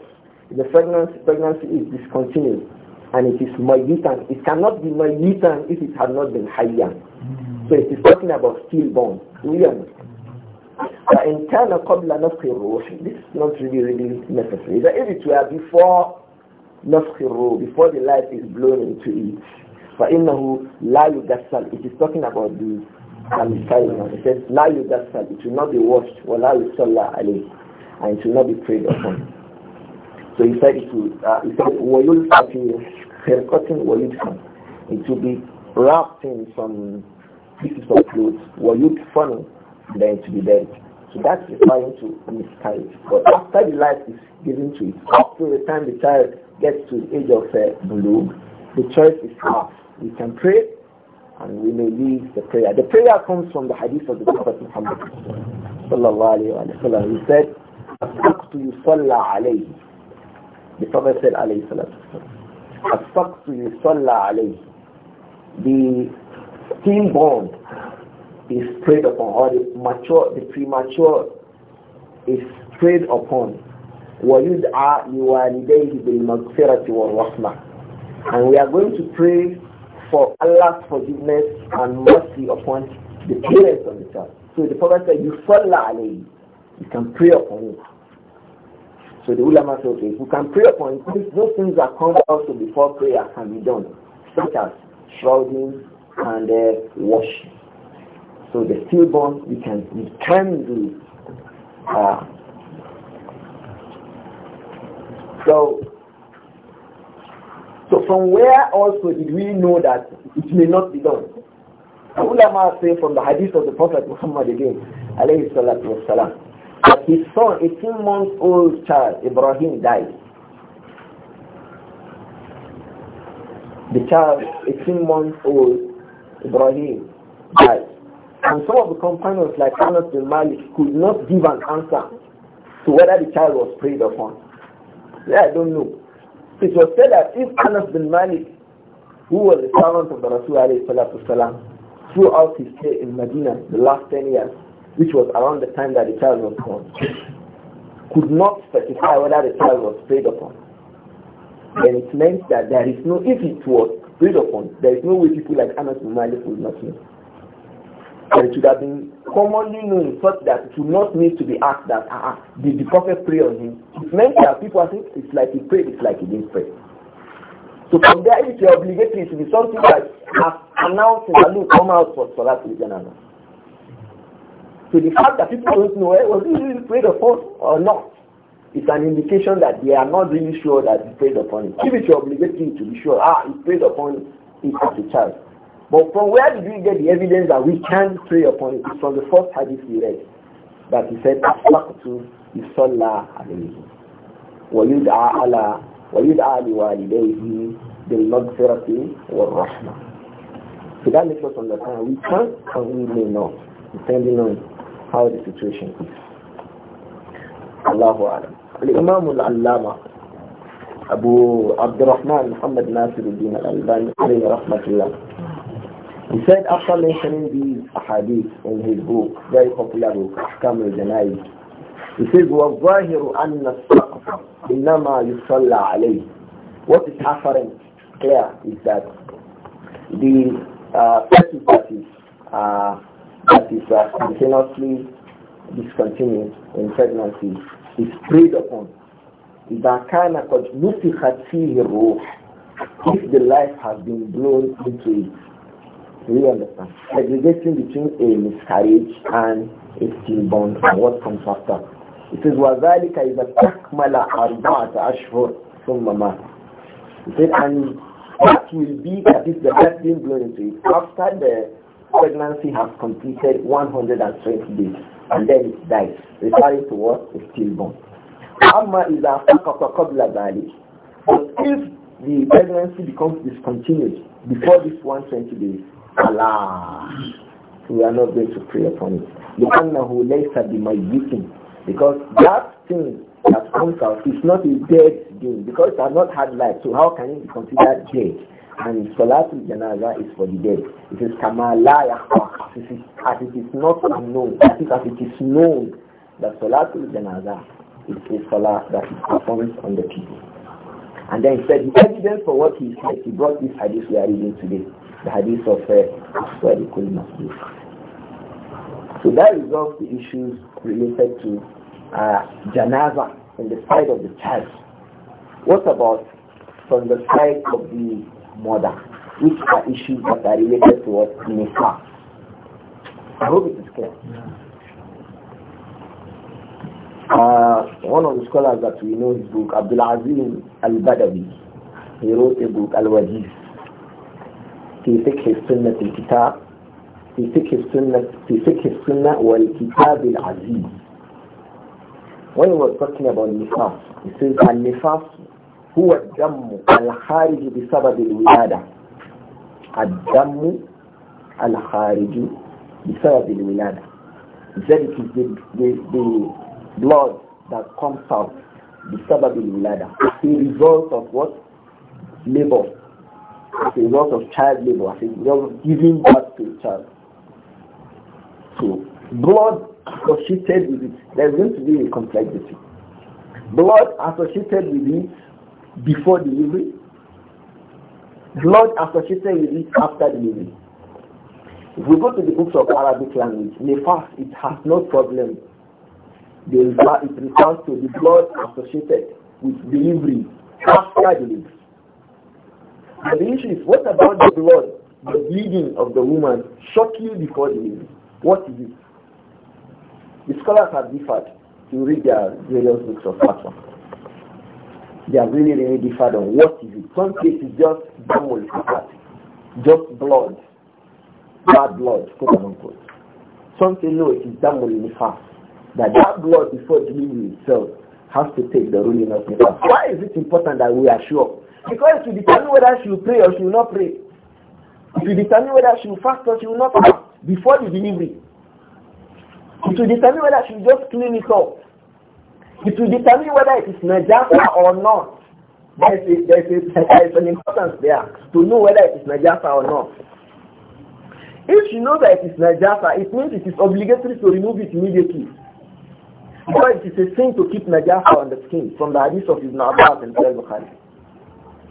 the pregnancy, pregnancy is discontinued, and it is mayitan. It cannot be mayitan if it had not been hayyan. So it is talking about stillborn. really in كان قبل نفخ الروح this is not really really necessary that if it were before نفخ الروح before the life is blown into it innahu la يغسل it is talking about the al it says la يغسل it will not be washed ولا يصلى alayh, and it will not be prayed upon so he said it will uh, he said wa ويلقى في wa ويدفن it will be wrapped in some pieces of clothes Wa ويدفن then to be buried. So that's referring to miscarriage. But after the life is given to it, up to the time the child gets to the age of uh, bloom, the choice is ours. We can pray and we may leave the prayer. The prayer comes from the hadith of the Prophet Muhammad sallallahu alayhi wa sallam. He said, أَسْتَقْتُ يُصَلَّى alayhi." The Prophet said alayhi salatu أَسْتَقْتُ يُصَلَّى عَلَيْهِ The stillborn is preyed upon or the mature the premature is preyed upon And we are going to pray for Allah's forgiveness and mercy upon the parents of the child. So the Prophet said, you follow Allah, You can pray upon it. So the ulama said, okay, if we can pray upon it, those things are come also before prayer can be done, such as shrouding and uh, washing. So the stillborn, we can, we can do. Uh, so, so from where also did we know that it may not be done? The ulama say from the hadith of the Prophet Muhammad again, alayhi salatu wasalam, that his son, 18 months old child, Ibrahim, died. The child, ten months old, Ibrahim, died. And some of the companions like Anas bin Malik could not give an answer to whether the child was preyed upon. Yeah, I don't know. It was said that if Anas bin Malik, who was the servant of the Rasul والسلام, throughout his stay in Medina the last 10 years, which was around the time that the child was born, could not specify whether the child was preyed upon. Then it meant that there is no, if it was preyed upon, there is no way people like Anas bin Malik would not know it should have been commonly known such that it would not need to be asked that, ah, ah did the prophet pray on him? It meant that people are saying, it's like he prayed, it's like he didn't pray. So from there, it is obligatory to be something that has announced that look, come out for Salat Janana. So the fact that people don't know, whether eh, was he really prayed upon or not? It's an indication that they are not really sure that he prayed upon it. If it's obligatory to be sure, ah, he prayed upon it as a child. But from where did we get the evidence that we can pray upon it? It's from the first hadith we read that he said, "Aslaqtu yusalla alayhi wa yud'a ala wa yud'a liwalidayhi bil-maghfirati wal-rahmah." So that makes us understand we can and we may not, depending on how the situation is. Allahu alam. Al-Imam al-Allama Abu Abdurrahman Muhammad Nasiruddin al-Albani alayhi rahmatullah he said after mentioning these hadith in his book, very popular book, Ahkam al he says, وَالظَّاهِرُ أَنَّ السَّقْفَ إِنَّمَا يُصَلَّى عَلَيْهِ What is apparent, clear, is that the uh, that is, uh, that is uh, continuously discontinued in pregnancy is preyed upon. إِذَا كَانَ قَدْ نُفِخَتْ فِيهِ الرُّوحِ If the life has been blown into it, do you understand? Segregating between a miscarriage and a stillborn and what comes after. It says, وَذَلِكَ إِذَا تَكْمَلَ أَرْبَعَةَ أَشْهُرٍ ثُمَّ مَاتَ He said, and that will be that is the death being blown into it after the pregnancy has completed 120 days and then it dies, referring to what a stillborn. أما إذا سقط قبل ذلك But if the pregnancy becomes discontinued before this 120 days, Allah. We are not going to pray upon it. Because that thing that comes out is not a dead thing because it has not had life. So how can it be considered dead? and Salatul Janaza is for the dead. It is Kamala as, it is not unknown, as it is known that Salatul Janaza is a Salah that is performed on the people. And then he said, the evidence for what he said, he brought this hadith we are reading today the hadith of Aswarikul uh, Masjid. So that resolves the issues related to uh, janaza in the side of the child. What about from the side of the mother, which are issues that are related to what nisa? I hope it is clear. Uh, one of the scholars that we know his book, Abdul Azim Al-Badawi, he wrote a book, Al-Wajiz. في فقه السنة الكتاب في فقه السنة في فقه السنة والكتاب العزيز when he was talking about nifas he says النفاس هو الدم الخارج بسبب الولادة الدم الخارج بسبب الولادة he said it is the, the, the blood that comes out بسبب الولادة as a result of what labor as a result of child labor, as a result of giving birth to a child. So blood associated with it, there's going to be a complexity. Blood associated with it before delivery, blood associated with it after delivery. If we go to the books of Arabic language, nefas, it has no problem. It refers to the blood associated with delivery after delivery. But the issue is, what about the blood, the bleeding of the woman shortly before the baby? What is it? The scholars have differed. You read their various books of fatwa. They are really, really differed on what is it. Some cases just damul just blood, bad blood, quote unquote. Some say no, it is damul nifas. That that blood before delivery itself has to take the ruling of nifas. Why is it important that we are sure? Because it will determine whether she will pray or she will not pray. It will determine whether she will fast or she will not fast before the delivery. It will determine whether she will just clean it up. It will determine whether it is najasa or not. There's, a, there's, a, there's an importance there to know whether it is najasa or not. If she knows that it is najasa, it means it is obligatory to remove it immediately. Because it is a sin to keep najasa on the skin from the hadith of Ibn Abbas and Bukhari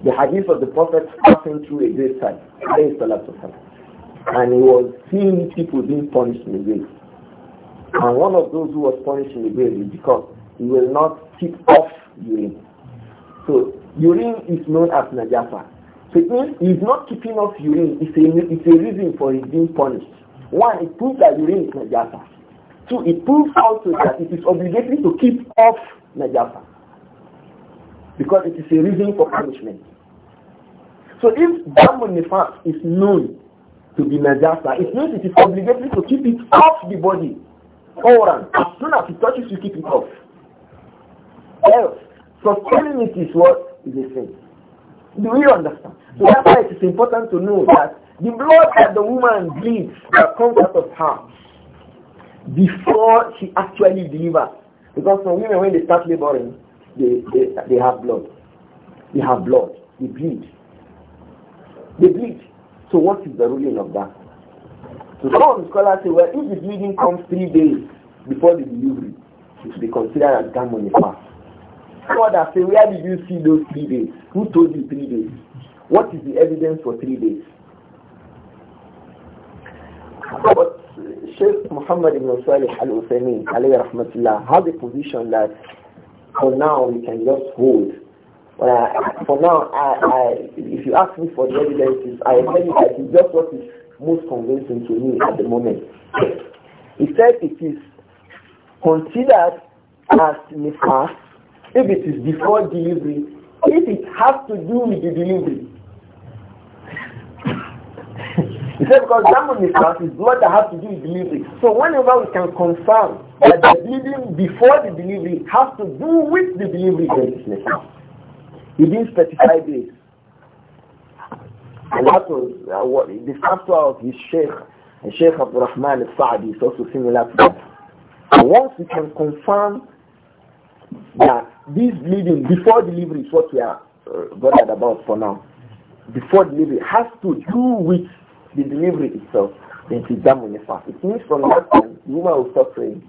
the hadith of the Prophet passing through a great time, and he was seeing people being punished in the grave. And one of those who was punished in the grave is because he will not keep off urine. So urine is known as najasa. So it means he's not keeping off urine. It's a, it's a reason for his being punished. One, it proves that urine is najasa. Two, it proves also that it is obligatory to keep off najasa because it is a reason for punishment. So if Damun Nifas is known to be Najasa, it means it is obligatory to keep it off the body. Oran, as soon as it touches, you keep it off. Else, sustaining it is what is a sin. Do you understand? So that's why it is important to know that the blood that the woman bleeds that comes out of her before she actually delivers. Because some women, when they start laboring, they, they, they have blood. They have blood. They bleed. They bleed. So what is the ruling of that? So some scholars say, well, if the bleeding comes three days before the delivery, it should be considered as time on the fast. So others say, where did you see those three days? Who told you three days? What is the evidence for three days? But uh, Sheikh Muhammad ibn Salih al Uthaymeen, alayhi rahmatullah, has a position that for now we can just hold I, uh, for now, I, I, if you ask me for the evidences, I tell you that it's just what is most convincing to me at the moment. He said it is considered as nifas if it is before delivery, if it has to do with the delivery. he said because diamond nifas is blood that has to do with delivery. So whenever we can confirm that the bleeding before the delivery has to do with the delivery, then it's nifas. He didn't specify this. And that was uh, what, the fatwa of his sheikh, and Sheikh Abdul Rahman al-Sa'di is also similar to that. Once we can confirm that this bleeding before delivery is what we are uh, bothered about for now, before delivery has to do with the delivery itself, then it is done fast. It means from that time, the woman will stop praying.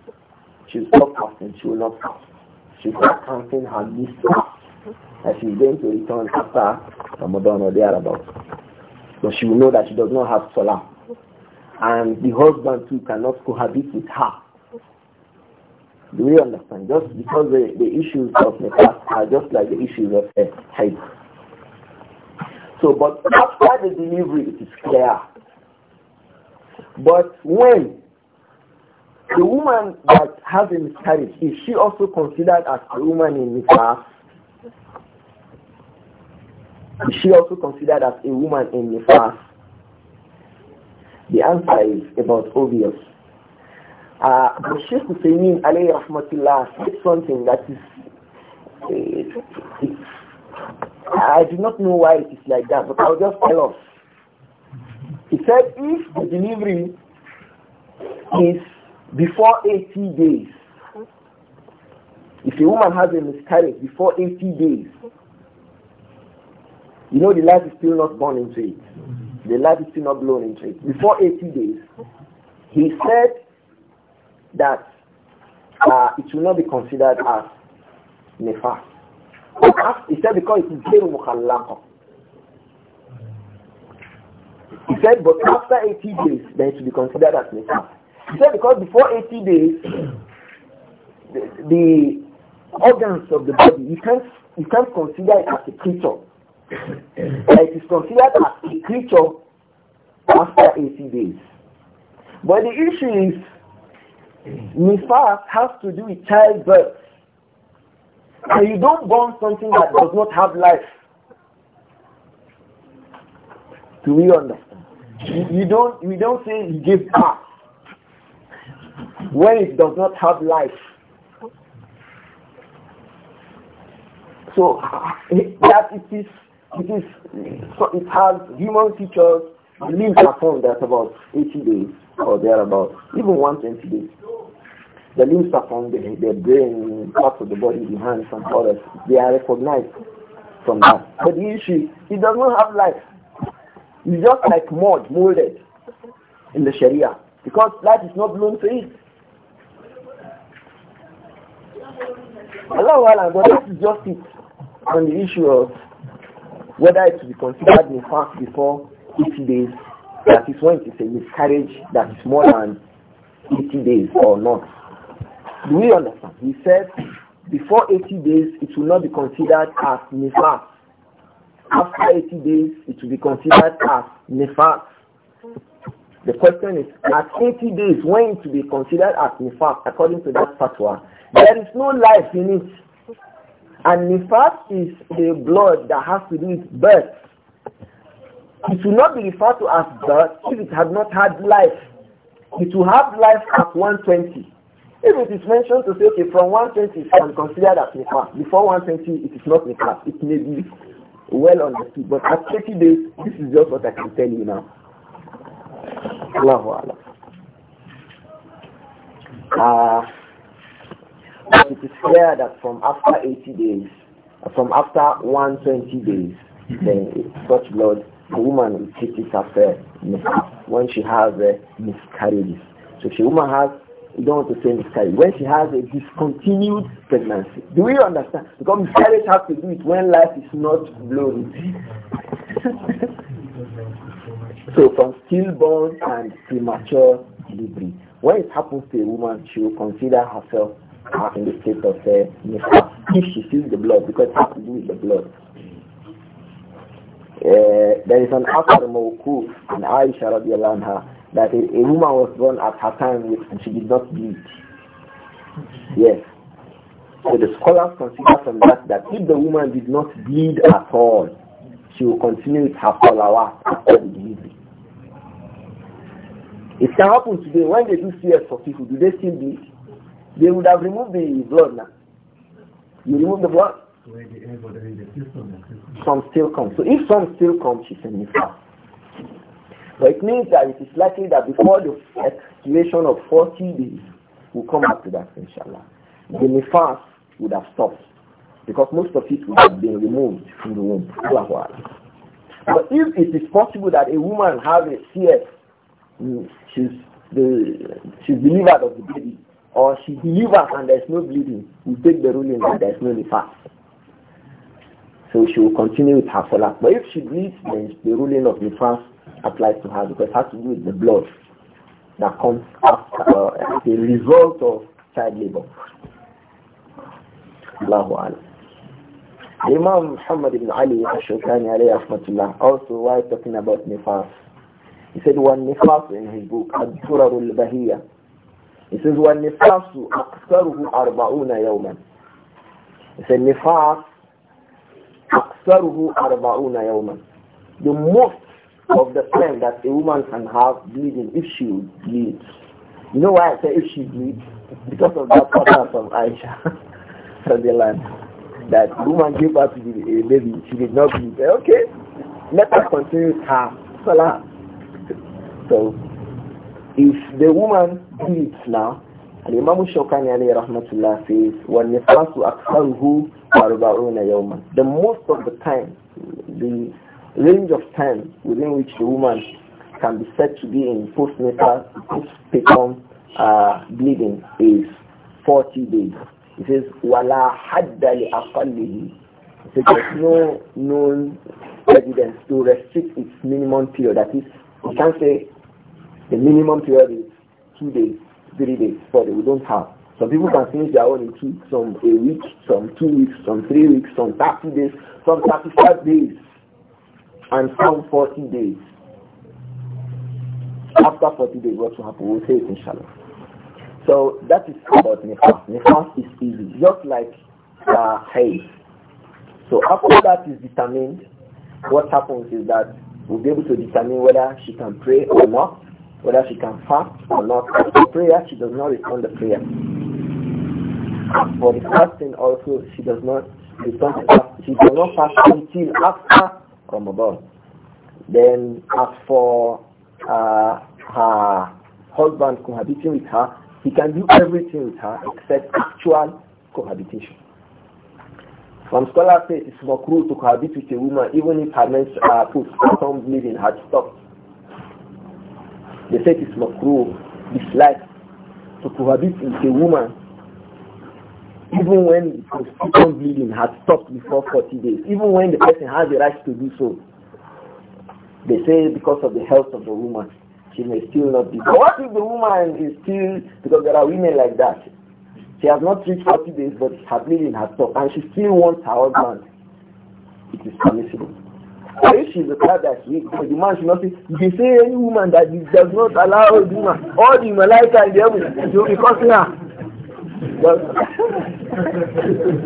She will stop fasting. She will not fast. She will not counting her missed fast that she's going to return after Ramadan or thereabouts. But she will know that she does not have salah. And the husband too cannot cohabit with her. Do you understand? Just because the, the issues of past are just like the issues of uh, eh, hate. So, but after the delivery, it is clear. But when the woman that has a miscarriage, is she also considered as a woman in past? Is she also considered as a woman in the fast? The answer is about obvious. Uh, the Sheikh Hussein alayhi rahmatullah said something that is, uh, I do not know why it is like that, but I'll just tell us. He said if the delivery is before 80 days, if a woman has a miscarriage before 80 days, you know the life is still not born into it. The life is still not blown into it. Before 80 days, he said that uh, it will not be considered as nefas. He said because it is غير He said but after 80 days then it should be considered as nefas. He said because before 80 days the, the organs of the body you can't you can't consider it as a creature. It is considered as a creature after 80 days. But the issue is, nifas has to do with childbirth. And you don't burn something that does not have life. Do we understand? You, you don't we don't say you give birth when it does not have life. So that it is it is, so it has human features. The leaves are found at about 80 days or thereabout, even 120 days. The limbs are found, the, the brain, parts of the body, the hands and others. They are recognized from that. But the issue, it does not have life. It's just like mud molded in the Sharia because life is not blown to it. Allah, Allah, but that is just it on the issue of whether it will be considered in fact before 80 days, that is when it is a miscarriage that is more than 80 days or not. Do we understand? He said before 80 days, it will not be considered as nifas. After 80 days, it will be considered as nifas. The question is, at 80 days, when to be considered as nifas according to that fatwa? There is no life in it. And nifas is the blood that has to do with birth. It will not be referred to as birth if it had not had life. It will have life at 120. If it is mentioned to say, okay, from 120 it can consider that nifas. Before 120 it is not nifas. It may be well understood. But at 30 days, this is just what I can tell you now. Allahu Allah. Uh, but it is clear that from after 80 days, uh, from after 120 days, then such blood, a woman will take it after when she has a miscarriage. So if a woman has, you don't want to say miscarriage, when she has a discontinued pregnancy. Do we understand? Because miscarriage has to do it when life is not blown. so from stillborn and premature delivery, when it happens to a woman, she will consider herself in the state of uh, if she sees the blood because it has to do with the blood. Uh, there is an Akar Mawkuf in Aisha radiallahu anha that a, a, woman was born at her time with, and she did not bleed. Yes. So the scholars consider from that that if the woman did not bleed at all, she will continue with her salawat after the delivery. It can happen today when they do CS for people, do they still bleed? They would have removed the blood now. You remove the blood. Some still come. So if some still come, she's in Nifas. But it means that it is likely that before the expiration of 40 days, we'll come back to that, inshallah. The Nifas would have stopped because most of it would have been removed from the womb. But if it is possible that a woman has a CS, mm, she's, the, she's delivered of the baby, or she delivers and there's no bleeding, we take the ruling that there's no nifas. So she will continue with her salah. But if she bleeds, then the ruling of nifas applies to her because it has to do with the blood that comes after uh, as a result of child labor. Allahu Alam. Imam Muhammad ibn Ali al-Shawkani alayhi rahmatullah also while talking about nifas, he said one nifas in his book, Al-Durar al-Bahiyah, it says, وَالنِّفَاسُ أَكْثَرُهُ أَرْبَعُونَ يَوْمًا He said, nifas أَكْثَرُهُ أَرْبَعُونَ يَوْمًا The most of the time that a woman can have bleeding if she bleeds. You know why I say if she bleeds? Because of that pattern from Aisha. from the land. That woman gave birth to the baby, she did not bleed. Okay, let us continue her salah. So if the woman bleeds now, and Imam Shawkani alayhi rahmatullah says, وَالنِّفَاسُ أَكْثَرُهُ أَرْبَعُونَ يَوْمًا The most of the time, the range of time within which the woman can be said to be in postnatal postpartum uh, bleeding is 40 days. It says, "Wala حَدَّ لِأَقَلِّهِ It so there's no known evidence to restrict its minimum period. That is, you can't say the minimum period is two days, three days, four days. We don't have. Some people can finish their own in two, some a week, some two weeks, some three weeks, some 30 days, some 35 days, and some 40 days. After 40 days, what will happen? We'll say it inshallah. So that is about nifas. Nifas is easy, just like uh, haze. So after that is determined, what happens is that we'll be able to determine whether she can pray or not, whether she can fast or not. For prayer, she does not respond to prayer. For the fasting also, she does not respond to fast. She does not fast until after Ramadan. Then as for uh, her husband cohabiting with her, he can do everything with her except actual cohabitation. Some scholars say it's makruh to cohabit with a woman even if her mens uh, put some bleeding had stopped. They said it's makruh, dislike, to prohibit is a woman even when the bleeding has stopped before 40 days, even when the person has the right to do so. They say because of the health of the woman, she may still not be. But what if the woman is still, because there are women like that, she has not reached 40 days, but her bleeding has stopped, and she still wants her husband. It is permissible. Are you she the part that she for the man should not say you say any woman that does not allow the woman all the malaika in the heaven you be cursing her.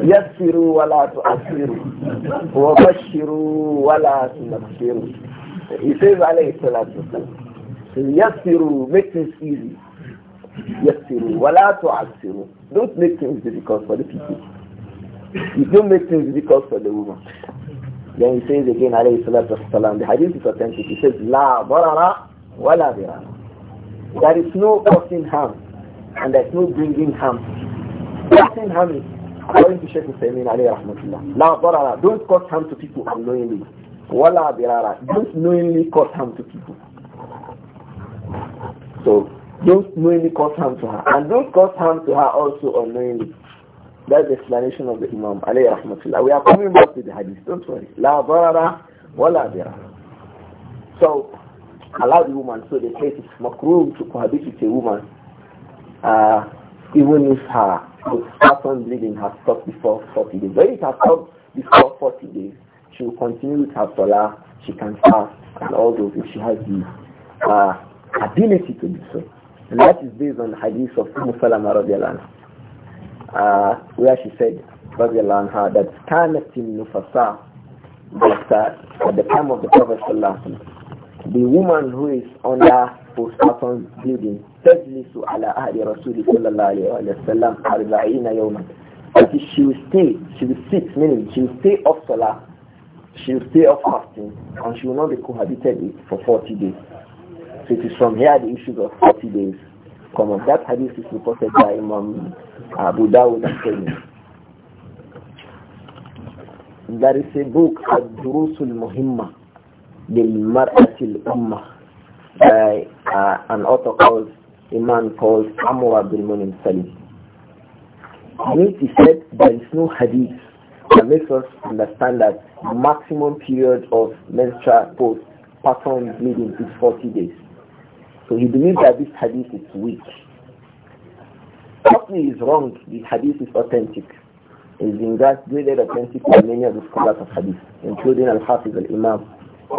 يسروا ولا تؤثروا وبشروا ولا تنفروا He says عليه الصلاة والسلام يسروا make things easy يسروا ولا تعسروا don't make things difficult for the people you don't make things difficult for the woman Then he says again, alayhi salatu wasalam, the hadith is authentic. He says, La barara wa la birara. There is no causing harm and there is no bringing harm. Causing harm is, according to Shaykh Husaymin alayhi rahmatullah, La barara, don't cause harm to people unknowingly. Wa la birara, don't knowingly cause harm to people. So, don't knowingly cause harm to her. And don't cause harm to her also unknowingly. That's the explanation of the Imam alayhi rahmatullah. We are coming back to the hadith. Don't worry. La barara wa la So, allow the woman. So they say it's makruh to cohabit a woman. Uh, even if her pattern bleeding has stopped before 40 days. But if it has stopped before 40 days, she will continue with her salah. She can fast and all those if she has the uh, ability to do so. And that is based on the hadith of Umm radiallahu anhu uh, where she said, anha, that كانت النفساء that at the time of the Prophet the woman who is on under postpartum bleeding تجلس على أهل رسول صلى الله عليه وسلم أربعين يوما that is, she will stay, she will sit, meaning she will stay off salah, she will stay off fasting, and she will not be cohabited with for 40 days. So it is from here the issues of 40 days that hadith is reported by Imam Abu Dawud and There is a book, called durusul Muhimma, Bil-Mar'atil Ummah, by uh, an author called, a man called Amwa bin Munim Salim. In it he said there is no hadith that makes us understand that maximum period of menstrual post pattern bleeding is 40 days. So he believes that this hadith is weak. Certainly is wrong. The hadith is authentic. It is in that graded authentic by many of the scholars of hadith, including Al-Hafiz al-Imam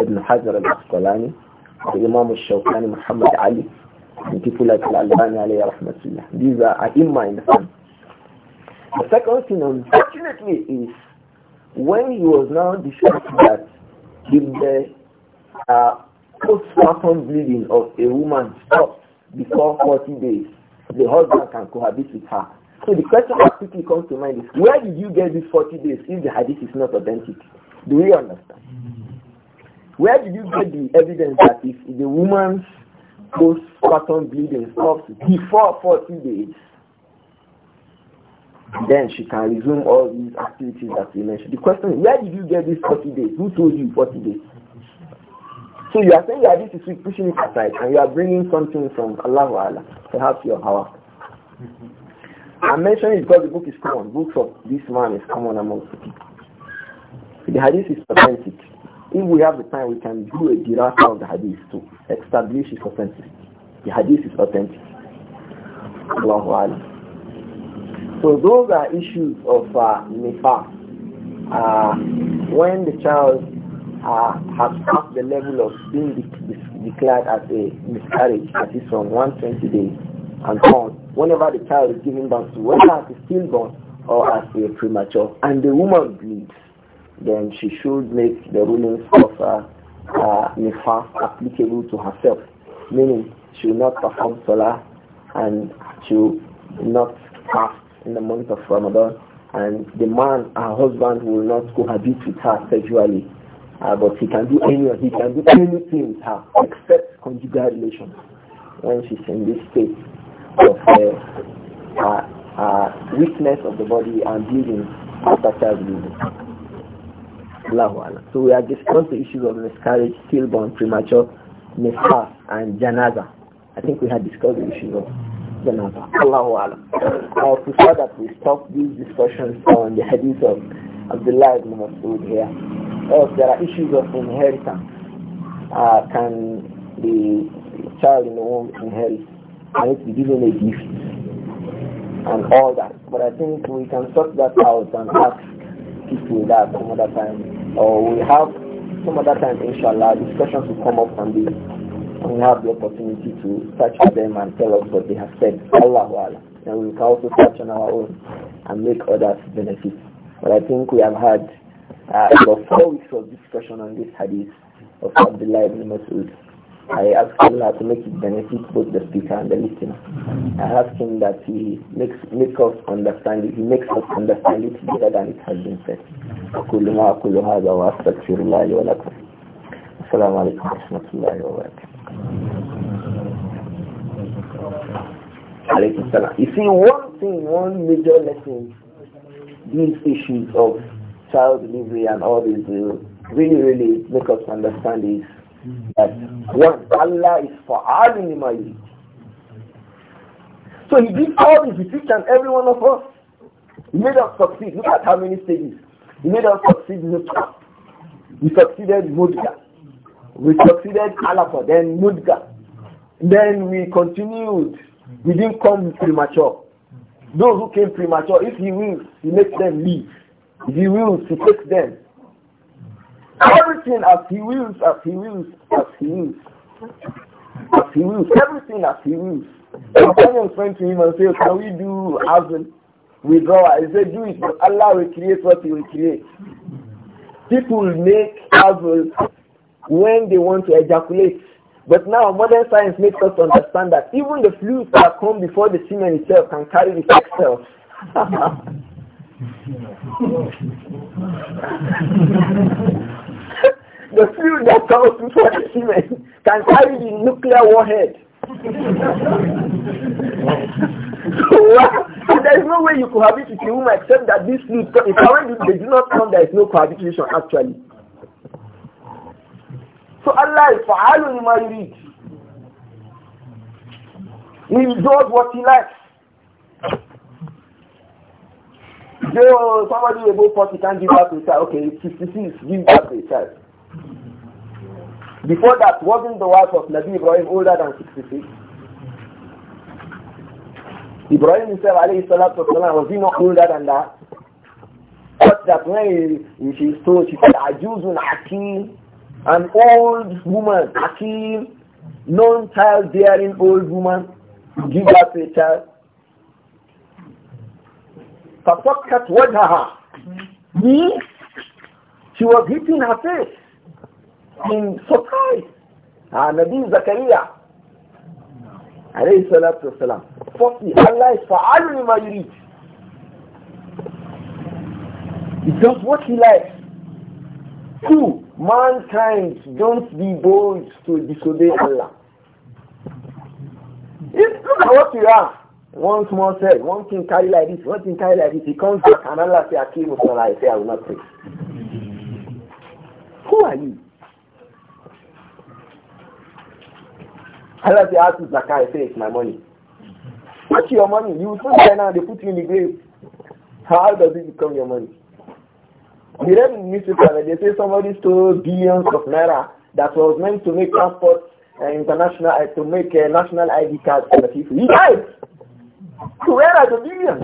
Ibn Hajar al-Asqalani, the Imam al-Shawqani Muhammad Ali, and people like Al-Albani alayhi rahmatullah. These are ai in the sun. The second thing, unfortunately, is when he was now discussing that if the uh, postpartum bleeding of a woman stops before 40 days, the husband can cohabit with her. So the question that quickly comes to mind is, where did you get these 40 days if the hadith is not authentic? Do we understand? Where did you get the evidence that if the woman's postpartum bleeding stops before 40 days, then she can resume all these activities that you mentioned. The question is, where did you get these 40 days? Who told you 40 days? So you are saying that this is pushing it aside and you are bringing something from Allah to help perhaps your hour. Mm-hmm. I'm mentioning it because the book is common. Books of this man is common amongst the people. The hadith is authentic. If we have the time, we can do a dirasa of the hadith to establish its authenticity. The hadith is authentic. Allahu So those are issues of uh, nifas. Uh, when the child uh, have has passed the level of being declared as a miscarriage, that is from 120 days and on, whenever the child is given birth to, whether as a stillborn or as a premature, and the woman bleeds, then she should make the rulings of uh, uh, applicable to herself, meaning she will not perform salah and she will not fast in the month of Ramadan, and the man, her husband, will not cohabit with her sexually uh, but he can do any he can do anything with her except conjugal relations when she's in this state of uh, uh, weakness of the body and bleeding after childbirth. So we are discussing the issues of miscarriage, stillborn, premature, miscarriage, and janaza. I think we had discussed the issues of janaza. Allahu alam. I prefer that we stop these discussions on the hadith of Abdullah ibn Masud here else there are issues of inheritance. Uh, can the child in the womb inherit? Can it be given a gift? And all that. But I think we can sort that out and ask people that some other time. Or we have some other time, inshallah, discussions will come up on this. And we have the opportunity to touch them and tell us what they have said. Allahu Allah. And we can also touch on our own and make others benefit. But I think we have had uh, about four weeks of discussion on this hadith of Abdullah ibn Masud. I asked Allah to make it benefit both the speaker and the listener. I asked him that he makes make us understand it, he makes us understand it better than it has been said. أقول ما أقول هذا وأستغفر الله ولكم. السلام عليكم ورحمة الله You see, one thing, one major lesson, these issues of child delivery and all these really, really make us understand is that one, Allah is for Alimimali. So he did all this with each and every one of us. He made us succeed. Look at how many stages. He made us succeed Nutra. We succeeded Mudga. We succeeded Alapa, then Mudga. Then we continued. We didn't come premature. Those who came premature, if he wills, he makes them leave. He wills to take them. Everything as he wills, as he wills, as he wills. As he wills, everything as he wills. Companions went to him and said, Can we do Azan withdrawal? He said, Do it, but Allah will create what he will create. People make Azan when they want to ejaculate. But now modern science makes us understand that even the fluids that come before the semen itself can carry the sex cells. the fuel that comes before the cement can carry the nuclear warhead. so, there is no way you could it with a woman except that this fluid, if I they do not come, there is no cohabitation actually. So Allah is for lima yurid. He does what he likes. say, oh, somebody somebody above 40 can't give birth to a child. Okay, 66, give birth to a child. Before that, wasn't the wife of Nabi Ibrahim older than 66? Ibrahim himself, alayhi salatu wasalam, was he not older than that? But that when he, she is told, she said, Ajuzun Hakim, an old woman, Hakim, non-child-bearing old woman, give birth to a child. فَصَكَّتْ وَجْهَهَا Me? She was hitting her face in surprise. Ah, Nabi Zakaria. Alayhi salatu wasalam. Firstly, Allah is fa'al lima yurid. He does what he likes. Two, mankind don't be bold to disobey Allah. is not what you are. One small cell, one thing carry like this, one thing carry like this. He comes back and Allah say, Akim Salah, I say, I will not pray. Who are you? Allah say, ask Zakah, I say, it's my money. What's your money? You soon there now, they put you in the grave. How does it become your money? the newspaper they say somebody stole billions of naira that was meant to make passports uh, international uh, to make a uh, national ID card for the people. He died. Where are the millions?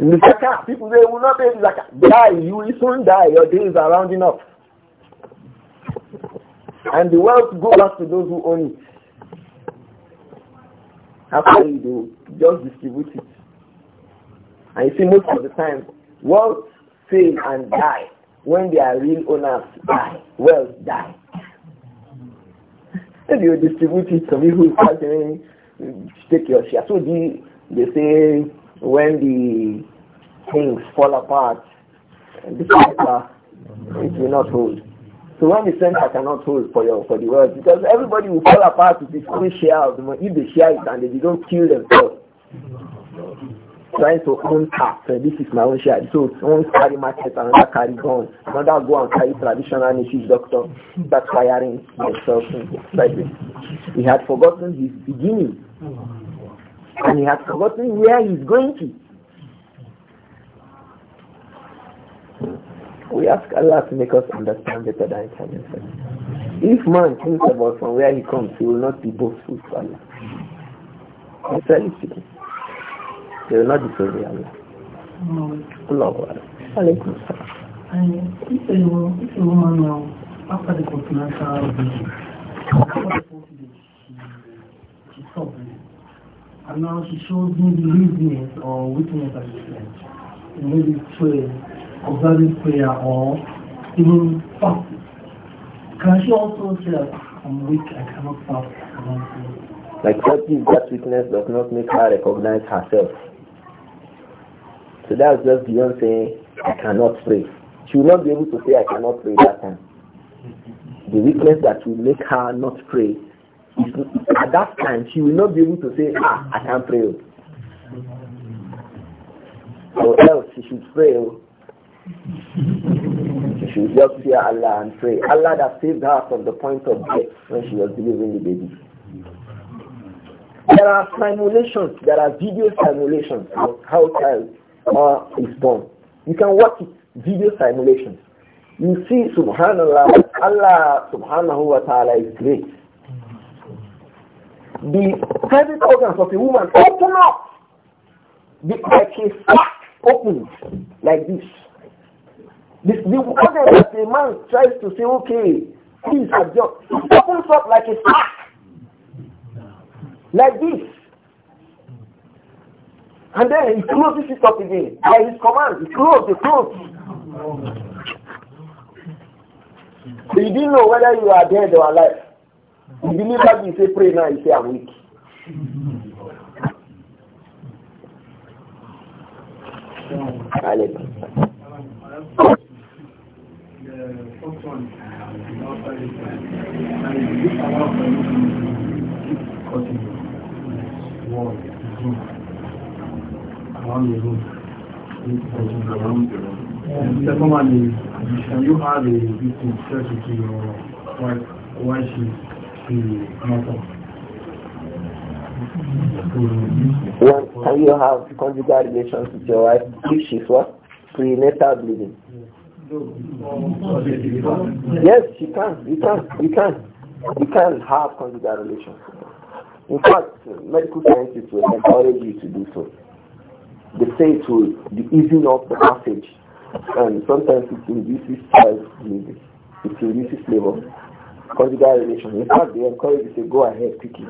in the zakah, people they will not pay the zakah. Die, you will soon die. Your days are rounding up. And the wealth goes back to those who own it. How can you do, just distribute it. And you see, most of the time, wealth fail and die when their real owners die. Wealth die. Maybe you distribute it to people who are take your share. So the, they say when the things fall apart, the center, it will not hold. So when the center cannot hold for your for the world, because everybody will fall apart if they share of the money, if they share it and they don't kill themselves trying to own tax. Uh, this is my own share. So one carry market, another carry guns, another go and carry traditional native doctor. That's firing myself. slightly. He had forgotten his beginning. And he had forgotten where he's going to. Hmm. We ask Allah to make us understand better than it happens. If man thinks about from where he comes, he will not be boastful to Allah. Sincerely speaking. They will not disobey Allah. Allahu Alaikum If a woman now, after the continental vision, she stopped and now she shows me the laziness or weakness of Islam. Maybe prayer, observing prayer or even fasting. Can she also say I'm weak, I cannot fast, Like what if that weakness does not make her recognize herself? So that's just beyond saying, I cannot pray. She will not be able to say, I cannot pray that time. The weakness that will make her not pray, is, at that time, she will not be able to say, ah, I can't pray. Or else she should pray. Oh. she should just fear Allah and pray. Allah that saved her from the point of death when she was delivering the baby. There are simulations, there are video simulations of how child or is born. You can watch it, video simulations. You see, subhanallah, Allah subhanahu wa ta'ala is great. The private organs of a woman open up. The, like a sack opens like this. The, the organ that a man tries to say, okay, please adjust, opens up like a sack. Like this. And then he closes it up again. By his command, he closed, the closed. So you didn't know whether you are dead or alive. You believe that you say pray now, you say I'm weak. Thank you. around one can you add a bit of your wife while she's still can you have conjugal relations with your wife if she's what? Prenatal bleeding. Yes, she can. You can. You can. You can have conjugal relations. In fact, medical scientists will encourage you to do so they say it will be easing up the passage and sometimes it induces size it, induces labour. flavor conjugal relation in fact they encourage you to go ahead quickly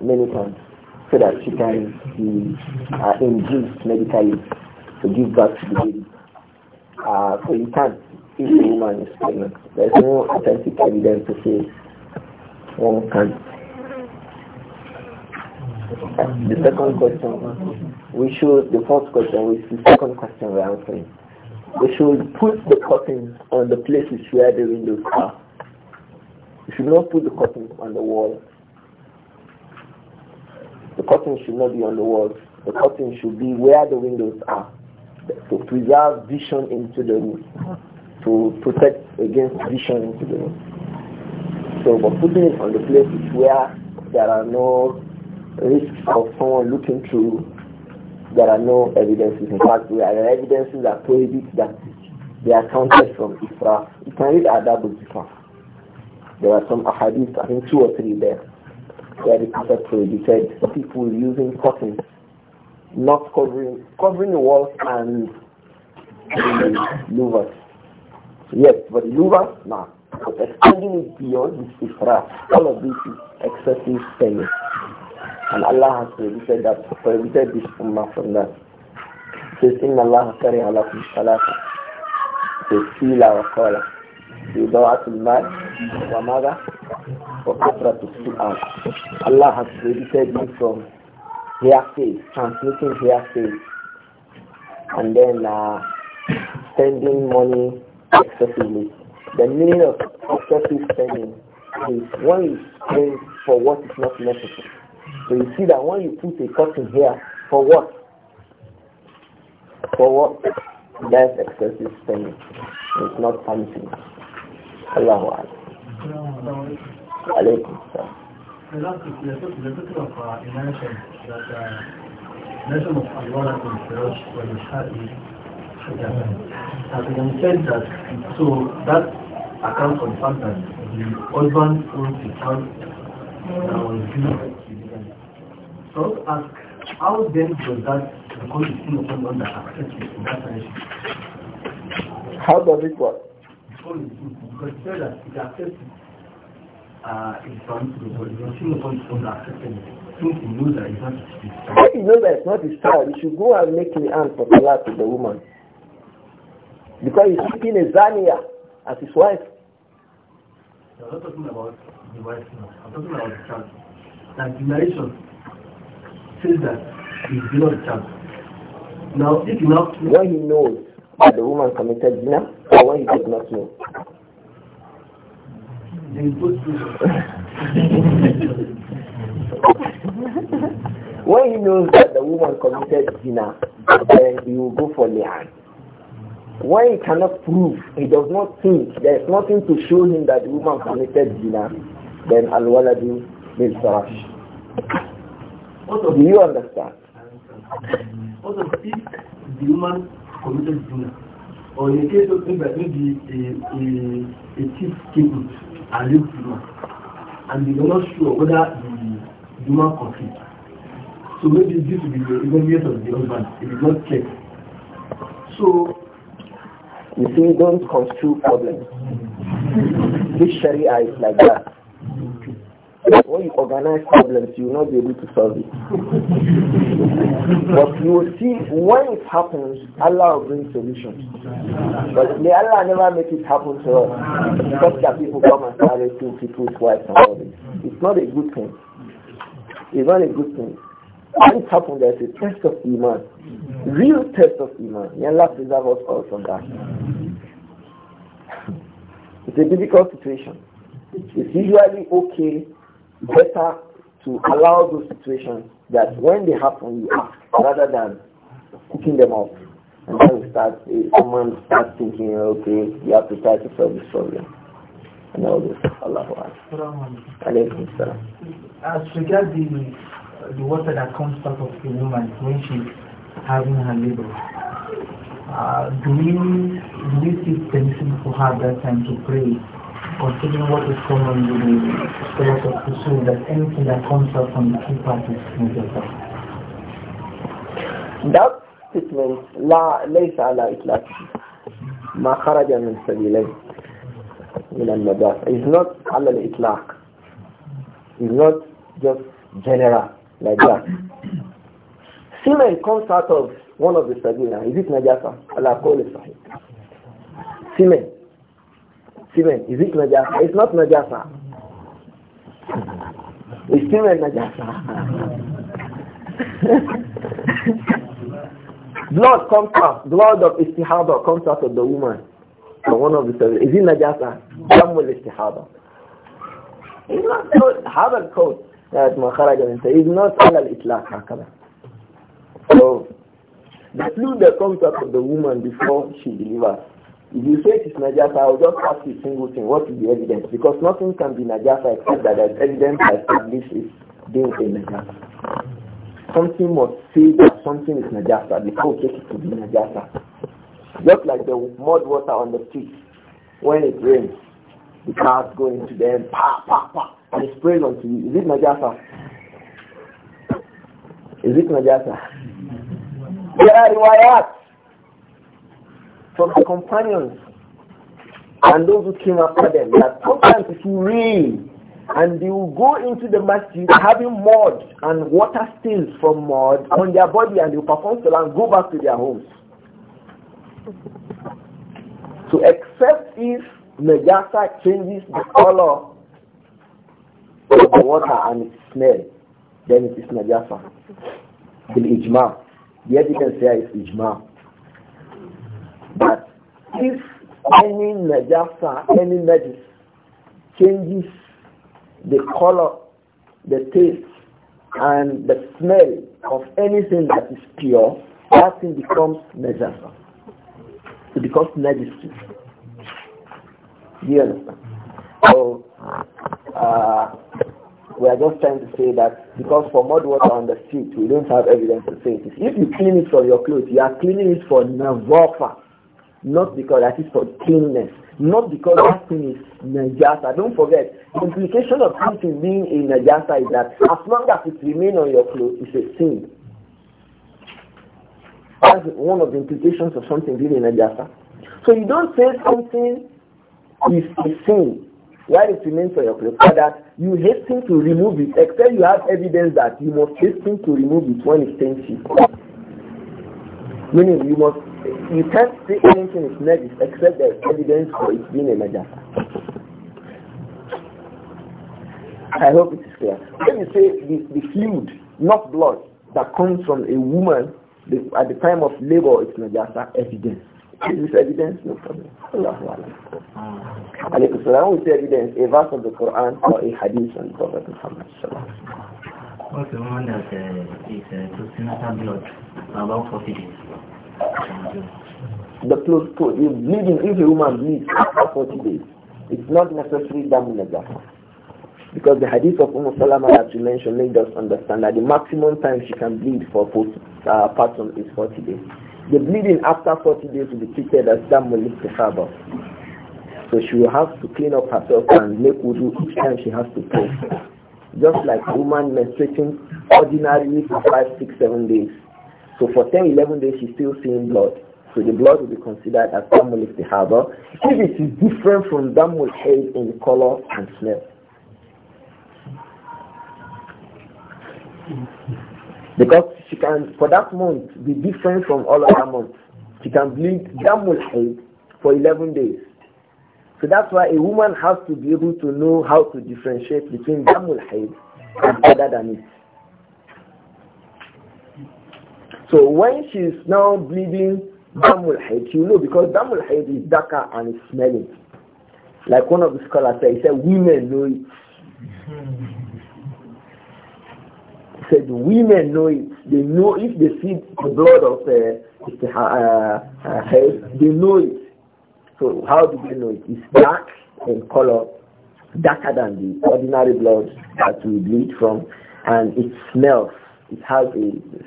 many times so that she can be uh, induced medically to give birth to the baby uh, so you can't if the woman is pregnant there's no authentic evidence to say one can the second question we should, the first question, which is the second question we're answering, we should put the curtains on the places where the windows are. We should not put the curtains on the wall. The curtains should not be on the wall. The curtains should be where the windows are to preserve vision into the room, to protect against vision into the room. So, but putting it on the places where there are no risks of someone looking through there are no evidences. In fact, there are evidences that prohibit that they are counted from Israf. You can read Adab al There are some ahadith, I think two or three there, where the Prophet prohibited people using cotton, not covering, covering the walls and the louvers. Yes, but the louvers, no. Nah. But extending it beyond this Israf, all of this is excessive spending. And Allah has prohibited that, prohibited this ummah from that. It says, إِنَّ اللَّهَ كَرِهَ لَكُمْ صَلَاةً تَسْفِيلَ وَقَالَ بِضَاعَةُ الْمَالِ وَمَاذَا وَكَثْرَةُ السُّؤَالِ Allah has prohibited me from hearsay, transmitting hearsay, and then uh, spending money excessively. The meaning of excessive spending is one is paying for what is not necessary. So you see that when you put a cotton here, for what? For what? That's excessive spending. It's not punishing. Allah Akbar. Alaykum The last the of uh, invention that uh, of that so that account for that the husband owns the child that was so ask, how then does that become the sin upon one that affects in that direction? How does it work? Because it says that it affects uh, his son to the body, the sin upon his that affects he knows that it's not his child. If he knows that it's not his child, he should go and make an aunt for Salah to the woman. Because he's keeping a Zania as his wife. I'm not talking about the wife, I'm talking about the child. Like the narration says that he did not chance. Now, if you now... When he knows that the woman committed zina, or when he does not know? when he knows that the woman committed zina, then he will go for li'an. When he cannot prove, he does not think, there is nothing to show him that the woman committed zina, then al-waladu bil-farash. Do you understand? Also, if the woman committed zina, or in the case of maybe a, a, a thief came and raped the woman, and they were not sure whether the woman confessed. So maybe due to the ignorance of the husband, it is not checked. So, you see, don't construe problems. this Sharia is like that. when you organize problems, you will not be able to solve it. but you will see when it happens, Allah will bring solutions. But may Allah never make it happen to us. because that people come and start raping people's wives and all this. It's not a good thing. It's not a good thing. When it happens, there's a test of Iman. Real test of Iman. May Allah preserve us all from that. It's a difficult situation. It's usually okay better to allow those situations that when they happen, you act rather than cooking them up. And then we start, eh, someone starts thinking, okay, you have to try to solve this problem. And all this, Allahu Akbar. As regards the, the water that comes out of the woman when she's having her labor, uh, do we do we see permission for her that time to pray considering what is common with the spirit of the that anything that comes out from the two parties is yourself. That statement, لا ليس على إطلاقه ما خرج من سبيلين من النجاة is not على الإطلاق is not just general like that. Semen comes out of one of the sabina. Is it najasa? Ala qawli sahih. Semen semen, is it najasa? It's not najasa. Is semen najasa? blood comes out, blood of istihada comes out of the woman. From one of the seven. Is it najasa? Damul istihada. It's not so, هذا ما خرج من is not على الإطلاق هكذا. So, the fluid that comes out of the woman before she delivers if you say it is Najasa, I will just ask you a single thing. What is the evidence? Because nothing can be Najasa except that there is evidence that is being a Najasa. Something must say that something is Najasa before we take it to be Najasa. Just like the mud water on the street. When it rains, the cars go into them, pa, pa, pa, and it sprays onto you. Is it Najasa? Is it Najasa? Yeah, are riwayats from the companions and those who came after them that sometimes it will rain and they will go into the masjid having mud and water stains from mud on their body and they will perform salah and go back to their homes. So except if Najasa changes the color of the water and its smell, then it is Najasa. The ijma. The evidence here is ijma. But if any najasa, any najis changes the color, the taste, and the smell of anything that is pure, that thing becomes najasa. It becomes najis. Do you understand? So, uh, we are just trying to say that because for mud water on the street, we don't have evidence to say it. If you clean it from your clothes, you are cleaning it for navafa. Not because that is for cleanness. Not because that thing is najasa. Don't forget, the implication of something being in najasa is that as long as it remains on your clothes, it's a sin. That's one of the implications of something being in najasa. So you don't say something is a sin while it remains on your clothes, but that you hasten to remove it, except you have evidence that you must hasten to remove it when it stains you. Meaning you must you can't say anything is najis except there is evidence for it being a najasa. I hope it is clear. When you say the, the fluid, not blood, that comes from a woman the, at the time of labor is najasa evidence. Is this evidence? No problem. Allahu Allah. And if it's say with evidence, a verse of the Quran or a hadith on Prophet Muhammad. What's the woman that uh, is uh, to blood about 40 days? The close to if bleeding, if a woman bleeds after 40 days, it's not necessary damu Because the hadith of Umm Salama that you mentioned made us understand that the maximum time she can bleed for a uh, person is 40 days. The bleeding after 40 days will be treated as damu listihaba. So she will have to clean up herself and make wudu each time she has to pray. Just like a woman menstruating ordinarily for five, six, seven days so for 10, 11 days, she's still seeing blood. So the blood will be considered as damul istihaba if it is different from damul haid in color and smell. Because she can, for that month, be different from all other months. She can bleed damul haid for 11 days. So that's why a woman has to be able to know how to differentiate between damul haid and other than it. So when she is now bleeding damul haid, you know because damul haid is darker and it's smelling. Like one of the scholars said, he said women know it. He said women know it. They know if they see the blood of uh, uh, uh head, they know it. So how do they know it? It's dark in color, darker than the ordinary blood that we bleed from, and it smells. It has a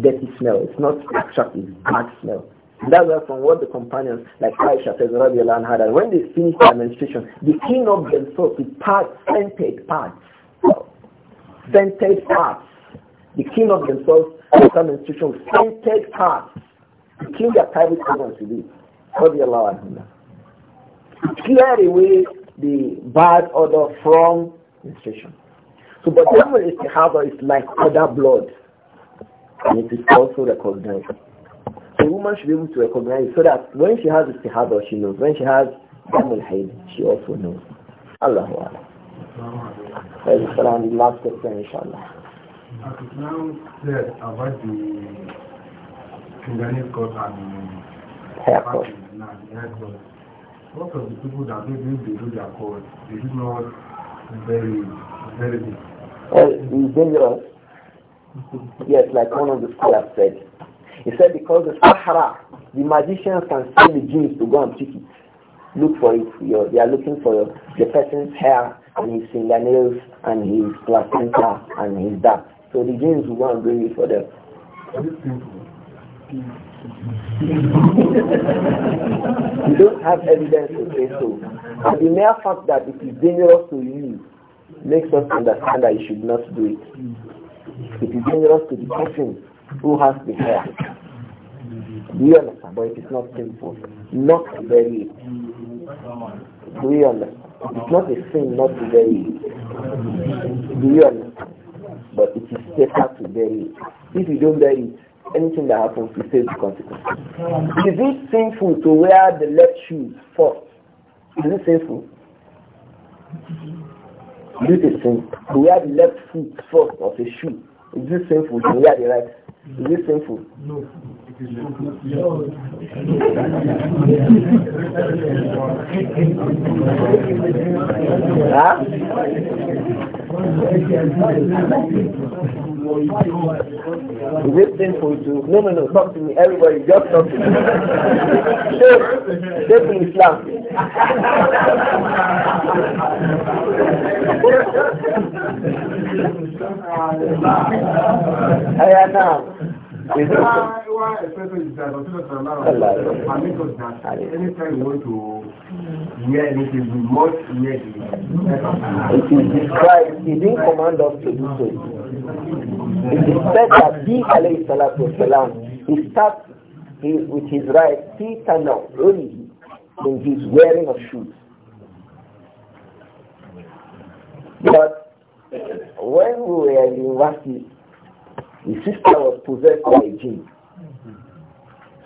dirty smell. It's not It's bad smell. that's why from what the companions, like Aisha says, Radiallahu anha, that when they finished their menstruation, the king of themselves with pads, scented parts, Scented parts. The king of themselves after menstruation with scented pads. king of their private to with it. Radiallahu anha. Clear away the bad odor from menstruation. So, but the harbor is like other blood and it is also recognized. So a woman should be able to recognize so that when she has istihada, she knows. When she has damul haid, she also knows. Allahu Akbar. Salam, last question, inshallah. Now said about the Kinganese court and the haircut. Most of the people that they didn't do their court, they did not very, very big. Well, it's dangerous. Yes, like one of the scholars said. He said because the Sahara, the magicians can send the Jews to go and pick it. Look for it. you they are looking for the person's hair and his fingernails and his placenta and his that. So the Jews will go and bring it for them. you don't have evidence to say so. And the mere fact that it is dangerous to you makes us understand that you should not do it. It is dangerous to the person who has the hair. Do you understand? But it is not sinful. Not to bury it. Do you understand? It is not a sin not to bury it. Do you understand? But it is safer to bury it. If you don't bury it, anything that happens will face the consequence. Is it sinful to wear the left shoe first? Is it sinful? This is sin. To wear the left foot first of a shoe is this sinful? Yeah, you are right. Is this sinful? No. huh? Is this sinful to no no no talk to me everybody just talk to me Shape Shape in Islam Ẹ̀yà náà. Ìjọba wá ẹ̀fẹ́fẹ́ ìjàdọ̀ sílẹ̀ sọ̀rọ̀ lára amigos náà. Anytime you we must hear it. It is described, he didn't command us to do so. It is said that he, alayhi salatu wasalam, he starts with his right, feet and only in his wearing of shoes. But when we were in university, the sister was possessed by a jinn.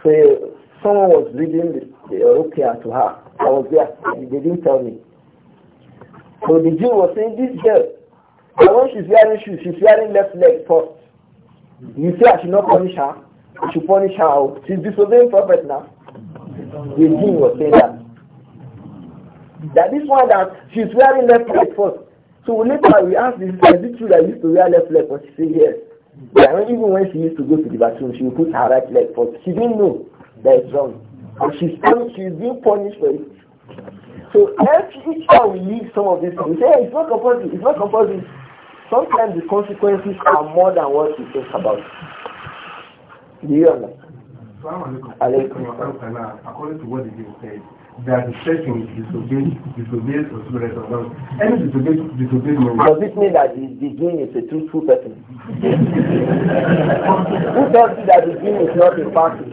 So someone was reading the, the Rukia to her. I was there. They didn't tell me. So the Jew was saying, this girl, and when she's wearing shoes, she's wearing left leg first. You say I should not punish her. I should punish her. She's disobeying prophet now. The Jew was saying that. That this one that she's wearing left leg first. So later we asked this, is it true that used to wear left leg for she said yes. But even when she used to go to the bathroom, she would put her right leg first. She didn't know that it's wrong. And she's, she's being punished for it. So each time we leave some of these things, we say, hey, it's not compulsory, it's not compulsory. Sometimes the consequences are more than what we think about. Do you understand? According to what the said, the Any Does this mean that the, the is a truthful person? Who tells you that the king is not a party?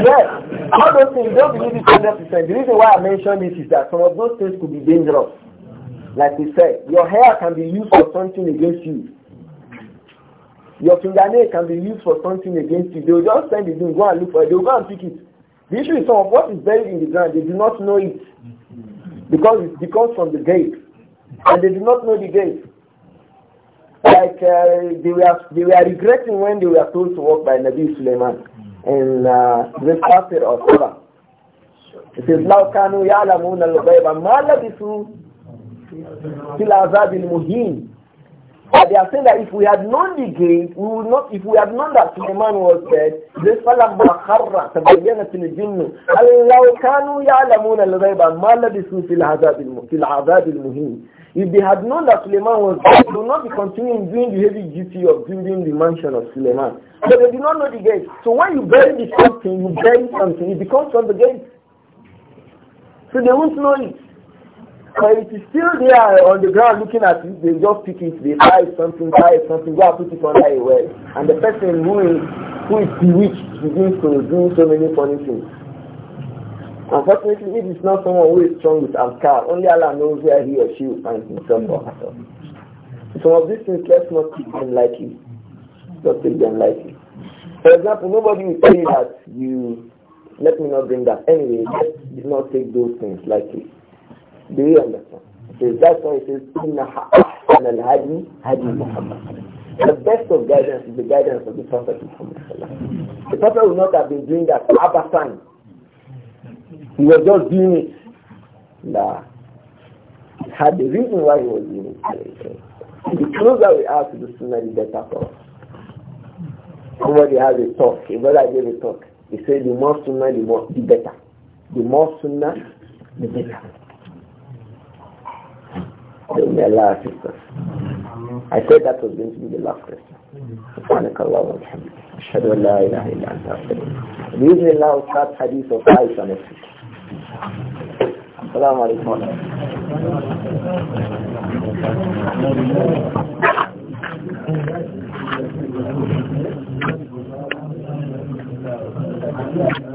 yes, all those things don't believe it hundred percent. The reason why I mention this is that some of those things could be dangerous. Like we said, your hair can be used for something against you. Your fingernail can be used for something against you. They will just send the thing, go and look for it. They will go and pick it. The issue is some of what is buried in the ground, they do not know it. Because it comes from the gate And they do not know the gate. Like uh, they, were, they were regretting when they were told to walk by Nabi Suleiman. in uh, the chapter of Surah. It says, لو كانوا يعلمون الغيب ما لبثوا في العذاب but they are saying that if we had known the game, we would not, if we had known that Suleiman was dead, this فَلَمَّا خَرَّ تَبَيَّنَتِ الْجِنُّ أَلَّوْ كَانُوا يَعْلَمُونَ الْغَيْبَ مَا لَبِثُوا فِي الْعَذَابِ muhim. If they had known that Suleiman was dead, they would not be continuing doing the heavy duty of building the mansion of Suleiman. So they did not know the gate. So when you bury the something, you bury something, it becomes from the gate. So they won't know it. But it is still there on the ground looking at it. They just pick it, they buy something, buy something, go and put it under a well. And the person who is, who is bewitched begins to do so many funny things. Unfortunately, it is not someone who is strong with Amkar. Only Allah knows where he or she will find himself or herself. Some of these things, let's not take them lightly. Don't take them lightly. For example, nobody will tell you that you, let me not bring that. Anyway, let's not take those things lightly. Do you understand? says that's why it says, Inna ha'ahsan al-hadi, hadi Muhammad. The best of guidance is the guidance of the Prophet Muhammad. The Prophet would not have been doing that abasan. He was just doing it. Nah. He had the reason why he was doing it. The closer we are to the sunnah, the better for us. Somebody has a talk, a brother gave a talk. He said, the more sunnah, the, more, the better. The more sunnah, the better. May Allah assist I said that was going to be the last question. سبحانك اللهم وبحمدك أشهد أن لا إله إلا أنت بإذن الله we'll start hadith of Aisha السلام عليكم ورحمة الله